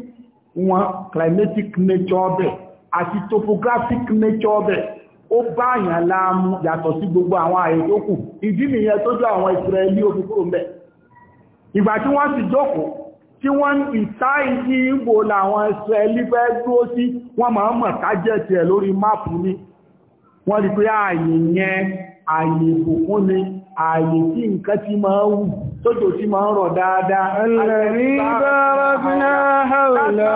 wọn climatic nature ọbẹ̀ àti topographic nature ọbẹ̀ ó bá àyàn láàmú yàtọ̀ sí gbogbo àwọn àyè tó kù ìdí nìyẹn tó jọ àwọn Ísírẹ́lì ó fi kúrò ńbẹ̀ ìgbà tí wọ́n sì jókòó tí wọ́n ìta ìdí ìbò làwọn Ísírẹ́lì fẹ́ dúró sí wọ́n máa ń mọ̀ tájẹ̀tì ẹ̀ lórí máàpù ni wọ́n rí pé ààyè yẹn ààyè ìbùkún ni ààyè tí nǹkan ti máa wù tójò tí máa ń rọ̀ dáadáa. Ẹlẹ́rí bára fi náà hàwẹ̀lẹ̀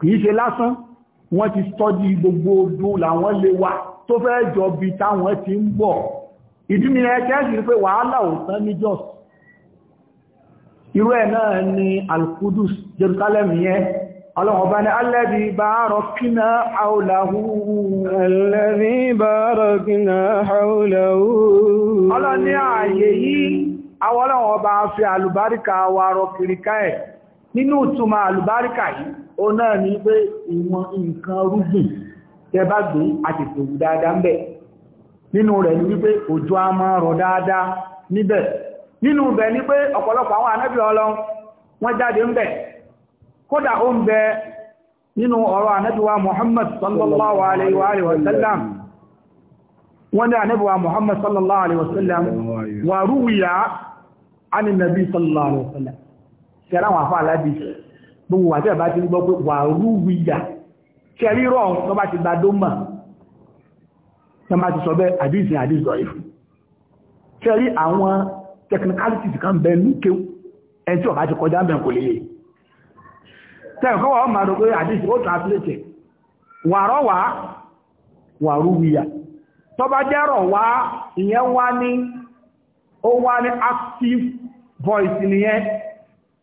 Kìí wọ́n ti stọ́dí gbogbo odò làwọn lè wà tó fẹ́ jọ bí táwọn ti ń bọ̀. Ìdí mi ẹ̀kẹ́ sì pé wàhálà ò ní Jọ́s. Irú ẹ̀ náà ni al Jerusalem yẹn, ọlọ́run bá ní alẹ́bí bá rọ kínà àúláhù alẹ́bí bá rọ kínà àúláhù ọlọ́run ní ààyè yìí àwọn ọlọ́run ọba fi àlùbáríkà wa rọ kìríká ẹ̀ nínú ìtumọ̀ àlùbáríkà yìí ó náà ní pé ìwọ̀n nǹkan rúgbìn tẹ bá dáadáa ń bẹ̀ kódà ó ń bẹ nínú ọ̀rọ̀ ànábíwá Muhammad sallallahu alaihi wa sallam wọ́n dá ànábíwá Muhammad sallallahu alaihi wa sallam wà rúwìyà ánì nàbí sallallahu alaihi wa sallam ṣẹlá wọn àfáà lábí gbogbo àti ẹ̀bá ti gbọ́ pé wà rúwìyà ṣẹlí rọ̀ tó ọ̀bá ti kọjá bẹ̀ kò lè tẹ́ẹ̀kọ́ wọ́n máa rògbé àdíṣì ó translate wàrọ́ wá wàrúwìyà tó bá jẹ́rọ̀ wá ìyẹn wá ní ó wá ní active voice nìyẹn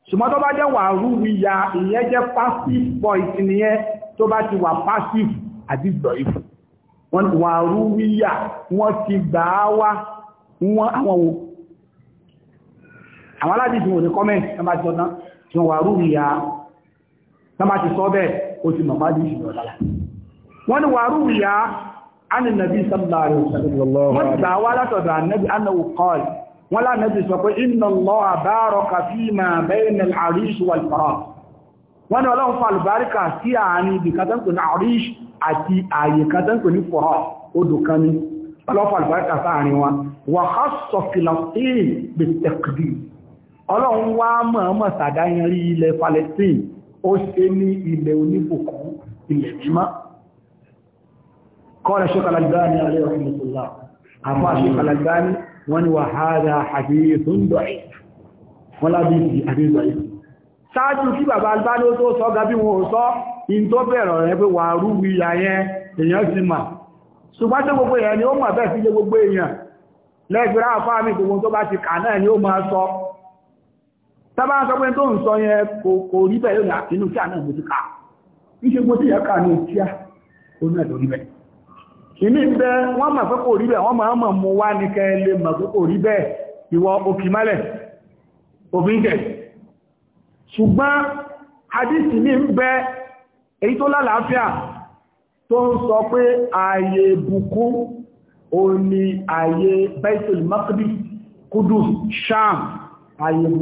ṣùgbọ́n tó bá jẹ́ wàrúwìyà ìyẹn jẹ́ passive voice nìyẹn tó bá ti wà passive àdíṣọ̀ ìfù wọ́n wàrúwìyà wọ́n ti gbà á wá wọ́n àwọn wo àwọn tọ́bá ti sọ bẹ́ẹ̀ ó ti mọ̀ fájú ìṣìlọ̀ lọ́la wọ́n ni wàrú ìyá anìnàbí sallàrí wọ́n gbà wá látọ̀dọ̀ annabi annahu qala wọ́n lánàbí sọ pé inna Allaha baraka fima bayna al-arish wal farat wọ́n ni ọlọ́run fa alùbáríkà sí àárín ibi kátàǹkù ní arish àti ààyè kátàǹkù ní farat odò kan ní ọlọ́run fa sáàrin wọn wa khassa Filastin bit-taqdir ọlọ́run wá mọ̀ọ́mọ̀ sàdáyẹrí ilẹ̀ Palestine ó ṣe ní ilẹ̀ oníbùkún ilẹ̀ mímá kọ́lá ṣe kalagbani alẹ́ ọ̀rọ̀mùsùlá àfá ṣe kalagbani wọ́n ni wà hádá hadithun da'if wọ́n lábí ìdí àdíjọ́ ìlú sáájú kí bàbá albani tó sọ gabi wọn sọ in tó bẹ̀rọ̀ rẹ̀ pé wà rú wíyà yẹn èèyàn ti mà ṣùgbọ́n tó gbogbo èèyàn ni ó mọ̀ bẹ́ẹ̀ sí gbogbo èèyàn lẹ́gbẹ̀rẹ́ àfáà mi gbogbo tó bá ti kà náà ni ó máa sọ tàbá sọ pé tó ń sọ yẹn kò rí bẹ́ẹ̀ lónìí àtinú tí a náà mú ti ká iṣẹ́ gbó tí ìyàká ní tí a ó náà ìní bẹ wọ́n mọ̀ pé kò rí bẹ́ẹ̀ wọ́n máa mọ̀ wá ní kẹ́lẹ́ mọ̀ Kudus Sham ààyè ni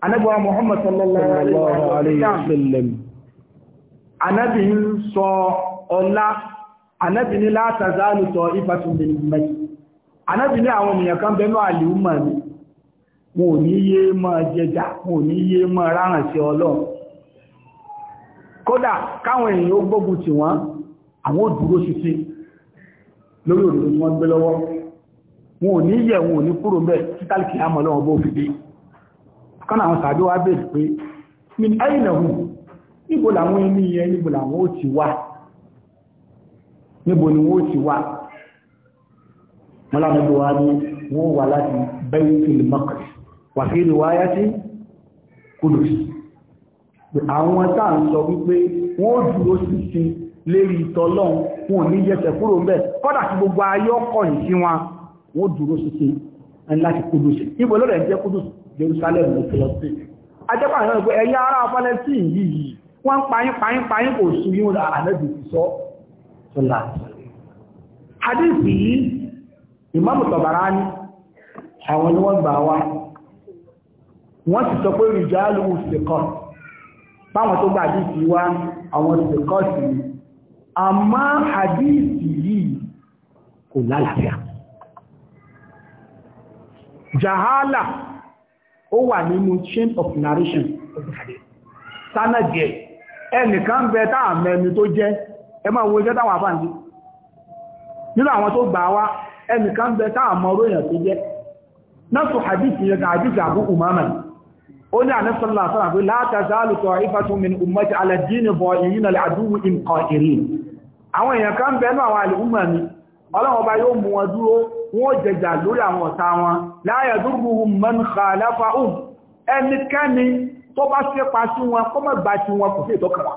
Ànábì wa Muhammad sallallahu alayhi wa sallam. Ànábì ń sọ ọlá, ànábì ní la tazalu ta'ifatun min ummati. Ànábì ní àwọn ènìyàn kan bẹnu àlìúmà ni, wọn ò ní yé máa jẹjà, wọn ò ní yé máa ráràn sí ọlọ́run. Kódà káwọn èèyàn ó gbógun tì wọ́n, àwọn ò títí lórí òdòdó tí wọ́n gbé lọ́wọ́. Wọn ò ní yẹ̀ wọn ò ní kúrò mẹ́ títàlìkì àmọ́ bó fi dé kọ́nà àwọn sàbí wá bèèrè pé min ayinahun níbo làwọn ẹni yẹn níbo làwọn ó ti wá níbo ni wọ́n ó ti wá mọ́lá níbo wá ní wọ́n wà láti Baitul Maqdis wà sí ìrìwáyá sí Kudus àwọn táà ń sọ wípé wọ́n ó dúró sí sí lérí ìtọ́lọ́un wọn ní láti Kudus ìbò lọ́rẹ̀ jẹ́ Kudus Jerusalem ló fi lọ sí ajẹ́pà àwọn ẹgbẹ́ ẹ̀yà ará Palestine yìí wọ́n pààyín pààyín pààyín kò sún yíò ànẹ́bì ti sọ Imam Tabarani àwọn ni wọ́n gbà wá wọ́n ti sọ pé rìjálù sèkọ́ báwọn tó gbà hadith wá àwọn sèkọ́ sí jahala ó wà nínú chain of narration Sana the hadith sanadi ẹ̀ ẹnìkan bẹ táà mẹ́ni tó jẹ́ ẹ máa wo iṣẹ́ táwọn àfáàndì nínú àwọn tó gbà wá ẹnìkan bẹ táà mọ oróyìn tó jẹ́ nọ́sù hadith yẹn ka hadith Abu Umama ó ní àníṣọ́lá sọ́nà pé la tazalu ta'ifatun min ummati ala ad-din dhahirin al-'aduwwi in qa'irin àwọn èèyàn kan bẹ nú àwọn àlùmọ̀ mi ọlọ́wọ́ bá yóò mú wọn dúró wọ́n jẹjà lórí àwọn ọ̀tá wọn láyẹ̀ dúrùhùn mẹ́nu kààlápá òun ẹnikẹ́ni tó bá sépa sí wọn kó mọ̀ gbà tí wọn kò sí ìtọ́kàwà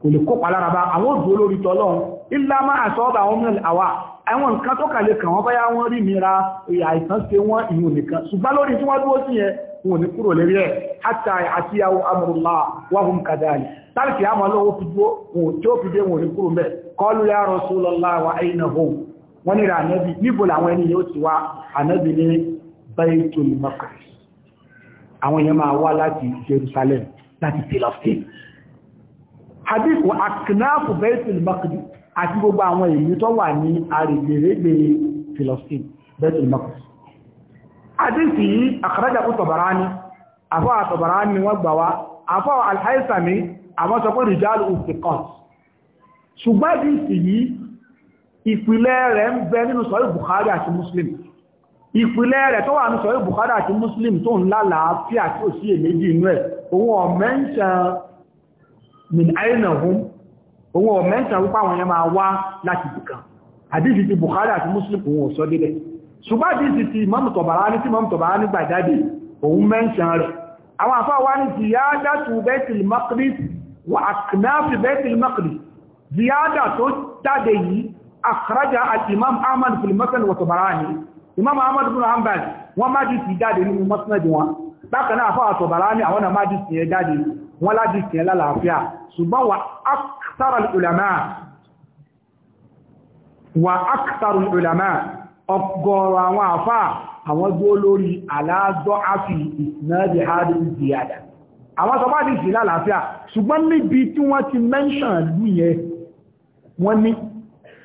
kò lè kópa lára bá àwọn òdò olórí tọ́lọ́run ilá máa sọ́ọ́bà àwọn mìíràn àwà àwọn nǹkan tó kàlẹ̀ kàn wọ́n bá wọ́n rí mìíra àìsàn ṣe wọ́n ìhun nìkan ṣùgbọ́n lórí tí wọ́n dúró sí yẹn wọn ni kúrò lérí ẹ̀ hátà àti yàwó amúrùlá wáhùn kàdáàlì tálìkì àmọ́ lọ́wọ́ fi dúró wọn tí ó fi dé wọn ni kúrò mẹ́ kọlu ya Rasulullah wa aina hum wọ́n ní ra ànábì níbo làwọn ẹni yóò ti wá ànábì ní Baitul Maqdis àwọn èèyàn máa wá láti Jerusalem láti tilafin hadith wa aknáàfù Baitul Maqdis àti gbogbo àwọn ìlú tó wà ní àrègbèrègbè Filistin Baitul Maqdis hadith yìí àkàrájàkú Tabarani àfọ́wà Tabarani wọ́n gbà wá àfọ́wà Al-Haythami àwọn sọ pé rìjálù òfìkọ́t ṣùgbọ́n hadith yìí ìpìlẹ̀ rẹ̀ ń bẹ nínú sọ́rí Bukhari àti Muslim ìpìlẹ̀ rẹ̀ tó wà ní sọ́rí Bukhari àti Muslim tó ń lálàáfíà tí ó sí èméjì inú ẹ̀ òun ọ̀mẹ́ǹṣàn min ainahun òun ọ̀mẹ́ǹṣàn wípá àwọn yẹn máa wá láti bìkan àdíjì ti Bukhari àti Muslim òun ò sọ délẹ̀ ṣùgbọ́n àdíjì ti Imam Tabarani tí Imam ziyada tó jáde yìí àkàrájà al-imam ahmad fulmasan wa tabarani imam ahmad bin hanbal wọ́n má dìsì jáde nínú mọ́sánàdì wọn bákan náà fáwọn tabarani àwọn náà má dìsì yẹn jáde wọ́n láti sìn ẹ́ lálàáfíà ṣùgbọ́n wà ákítàrà ìlàmà wà ákítàrà ìlàmà ọgọ́rọ̀ àwọn àfá àwọn gbó lórí aláàzọ́ àfi ìsinadi hadu ziyada àwọn sọ bá dì sí lálàáfíà ṣùgbọ́n níbi tí wọ́n ti mẹ́ńṣàn lú yẹn wọ́n ní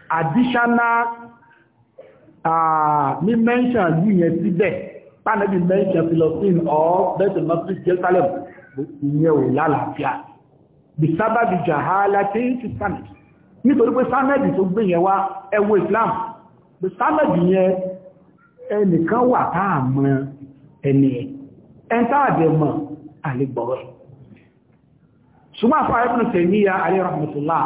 additional uh, mi mention yìí yẹn síbẹ̀ pàdébí mention philistine or bethel north jerusalem ìyẹn ò lálàáfíà bisábàbí jahala tí ń ti sanad nítorí pé sanad tó gbé yẹn wá ẹwọ islam sanad yẹn ẹnìkan wà táàmù ẹni ẹntáàdẹ̀mọ̀ àlegbọ̀rẹ̀ ṣùgbọ́n àfáà ẹ̀kùn tẹ̀míyà alẹ́ rahmatullah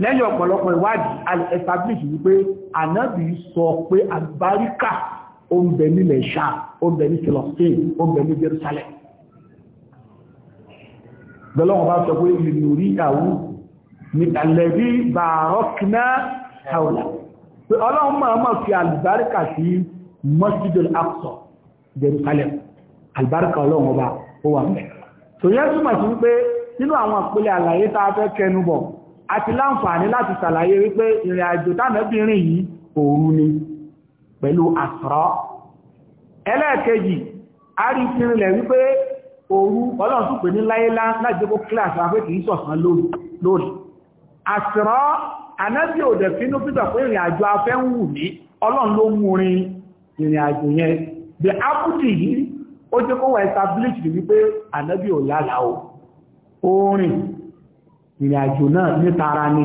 lẹ́yìn ọ̀pọ̀lọpọ̀ ìwádìí al-establish wípé ànábì sọ pé àbáríkà ó ń bẹ ní lẹ́ṣà ó ń bẹ ní Filistin ó ń bẹ ní Jerusalem bẹ́lọ́wọ́n bá sọ pé ìlúrí ìyàwó ní àlẹ́rí bàárọ́kìná haula pé ọlọ́run máa mọ̀ fi àlùbáríkà sí Masjid al-Aqsa Jerusalem àlùbáríkà ọlọ́run ọba ó wà mẹ́ tòyẹ́ túmọ̀ sí wípé nínú àwọn àpẹẹlẹ àlàyé tá a a ti láǹfààní láti ṣàlàyé wípé ìrìn àjò tánàbìnrin yìí òru ni pẹ̀lú àṣírọ́ ẹlẹ́ẹ̀kejì a rí ìpínlẹ̀ wípé òru ọlọ́run tún pè ní láyélá láti kó kíláàsì wá pé kìí sọ̀sán lórí àṣírọ́ anábì òdẹ̀ fínú pípẹ̀ pé ìrìn àjò afẹ́ ń wù ní ọlọ́run ló mú rin ìrìn àjò yẹn the abudu yìí ó jẹ́ kó wà ìrìnàjò náà nítara ni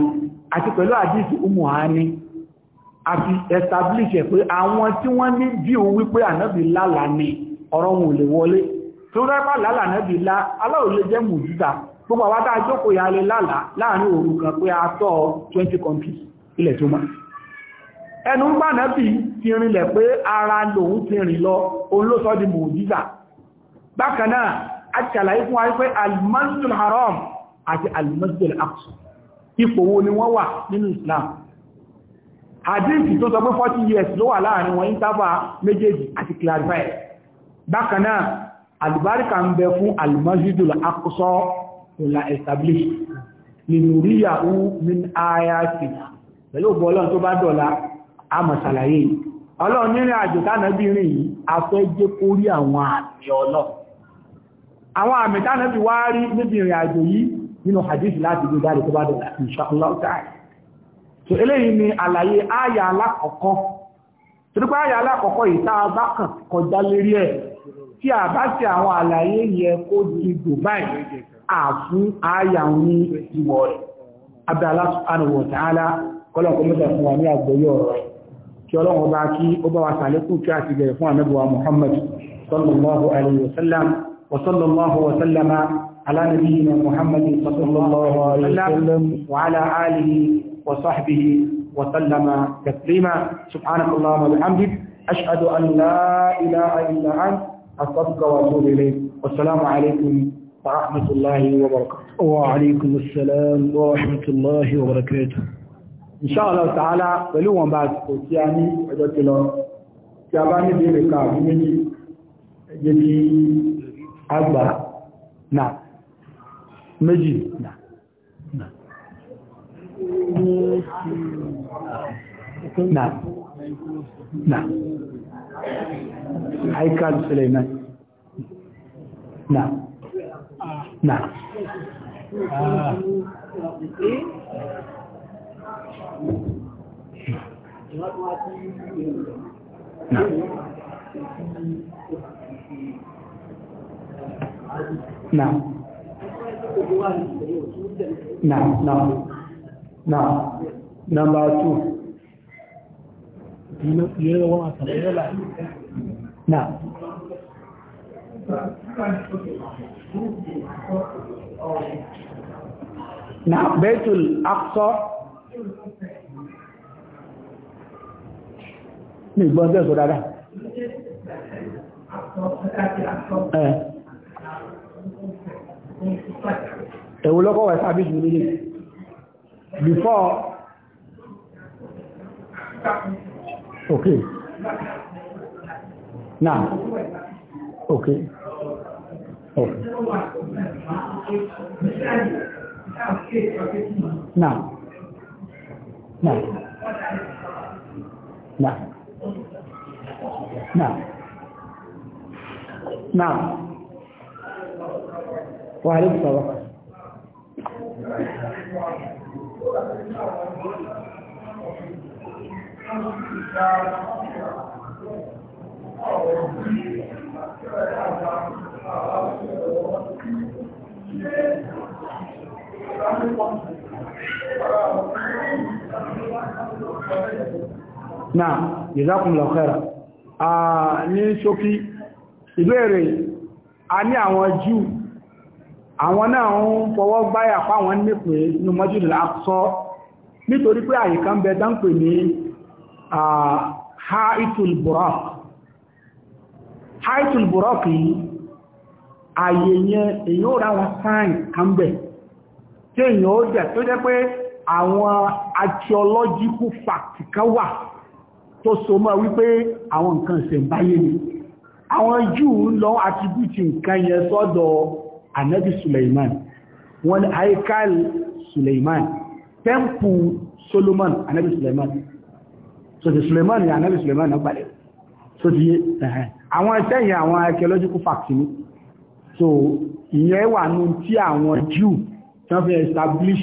àti pẹ̀lú àdísì umu hání a fi establish ẹ̀ pé àwọn tí wọ́n ní bí o wípé ànábì lálà ni ọ̀rọ̀ wọn ò lè wọlé tó rẹ́pà lálà ànábì lá aláwò lè jẹ́ mùjúdà gbogbo àwọn tá a lálà láàrin òru kan pé a tọ́ 20 countries ilẹ̀ tó máa ẹnu ń bá ànábì ti rinlẹ̀ pé ara lòun ti rìn lọ òun ló sọ di mùjúdà bákan náà a ti fún wa pé almanzul haram àti al-Masjid al-Aqsa ipò wo ni wọ́n wà nínú Islam hadith tó sọ pé 40 years ló wà láàrin wọn ìtàbà méjèèjì àti clarify bákan náà alùbáríkà ń bẹ fún al-Masjid al-Aqsa ìlà establish linuriyahu min ayati pẹ̀lú ọgbọ̀lọ́n tó bá dọ̀la a mọ̀ sàlàyé ọlọ́run nírìn àjò tánàbí rìn yìí a fẹ́ jẹ́ kó rí àwọn àmì ọlọ́ àwọn àmì tánàbí wá rí níbi ìrìn àjò yìí nínú hadith láti gbé jáde tó bá dọ̀là inshallah ta'ala so eléyìí ni àlàyé àyà alákọ̀ọ́kọ́ torípé àyà alákọ̀ọ́kọ́ yìí tá a bá kàn kọjá lérí ẹ̀ tí a bá ṣe àwọn àlàyé yẹ kó di dubai àfún àyà ní ìwọ̀ rẹ̀ abdala subhanahu wa ta'ala kọ́lọ̀ kó mẹ́ta fún wa ní àgbẹ̀yọ̀ rẹ̀ kí ọlọ́run bá kí ó bá wa sàlékún kí على نبينا محمد صلى الله عليه وسلم وعلى آله وصحبه وسلم تسليما سبحانك اللهم وبحمدك أشهد أن لا إله إلا أنت أستغفرك وأتوب إليك والسلام عليكم ورحمة الله وبركاته وعليكم السلام ورحمة الله وبركاته إن شاء الله تعالى ولو ما بعد يعني أجت له جابني بيركاب أربعة نعم méjì náà náà haikal suleiman náà náà Now. Now, now, now, number two. You know, you're the one I can like. Now. Now, ẹ̀wọ́ lọ́kọ́ wà sábí jù nílé before okay now okay okay now now now now now وعليه الصلاة náà ìzákùnlọ ọ̀kẹ́ra ní ṣókí ìbéèrè a ní àwọn Júù àwọn náà ń fọwọ́ gbáyà fáwọn nípe ní mọ́júlù àkọ́ nítorí pé àyíká ń bẹ dánpè ní haitul buraq haitul buraq yìí àyè yẹn èyí ó ra wọn sáìn kan bẹ̀ tí èyàn ó jẹ́ tó jẹ́ pé àwọn archaeological fact kan wà tó so mọ́ wípé àwọn nǹkan ṣẹ̀ǹbáyé ni àwọn Júù lọ attribute nǹkan yẹn sọ́dọ̀ anabi suleiman wọ́n ní haikal suleiman tempu solomon anabi suleiman so ti suleiman ni anabi suleiman náà balẹ̀ so ti àwọn ẹ̀tẹ́yìn àwọn archaeological facts ni so ìyẹn wà nù tí àwọn jew tí wọ́n fi establish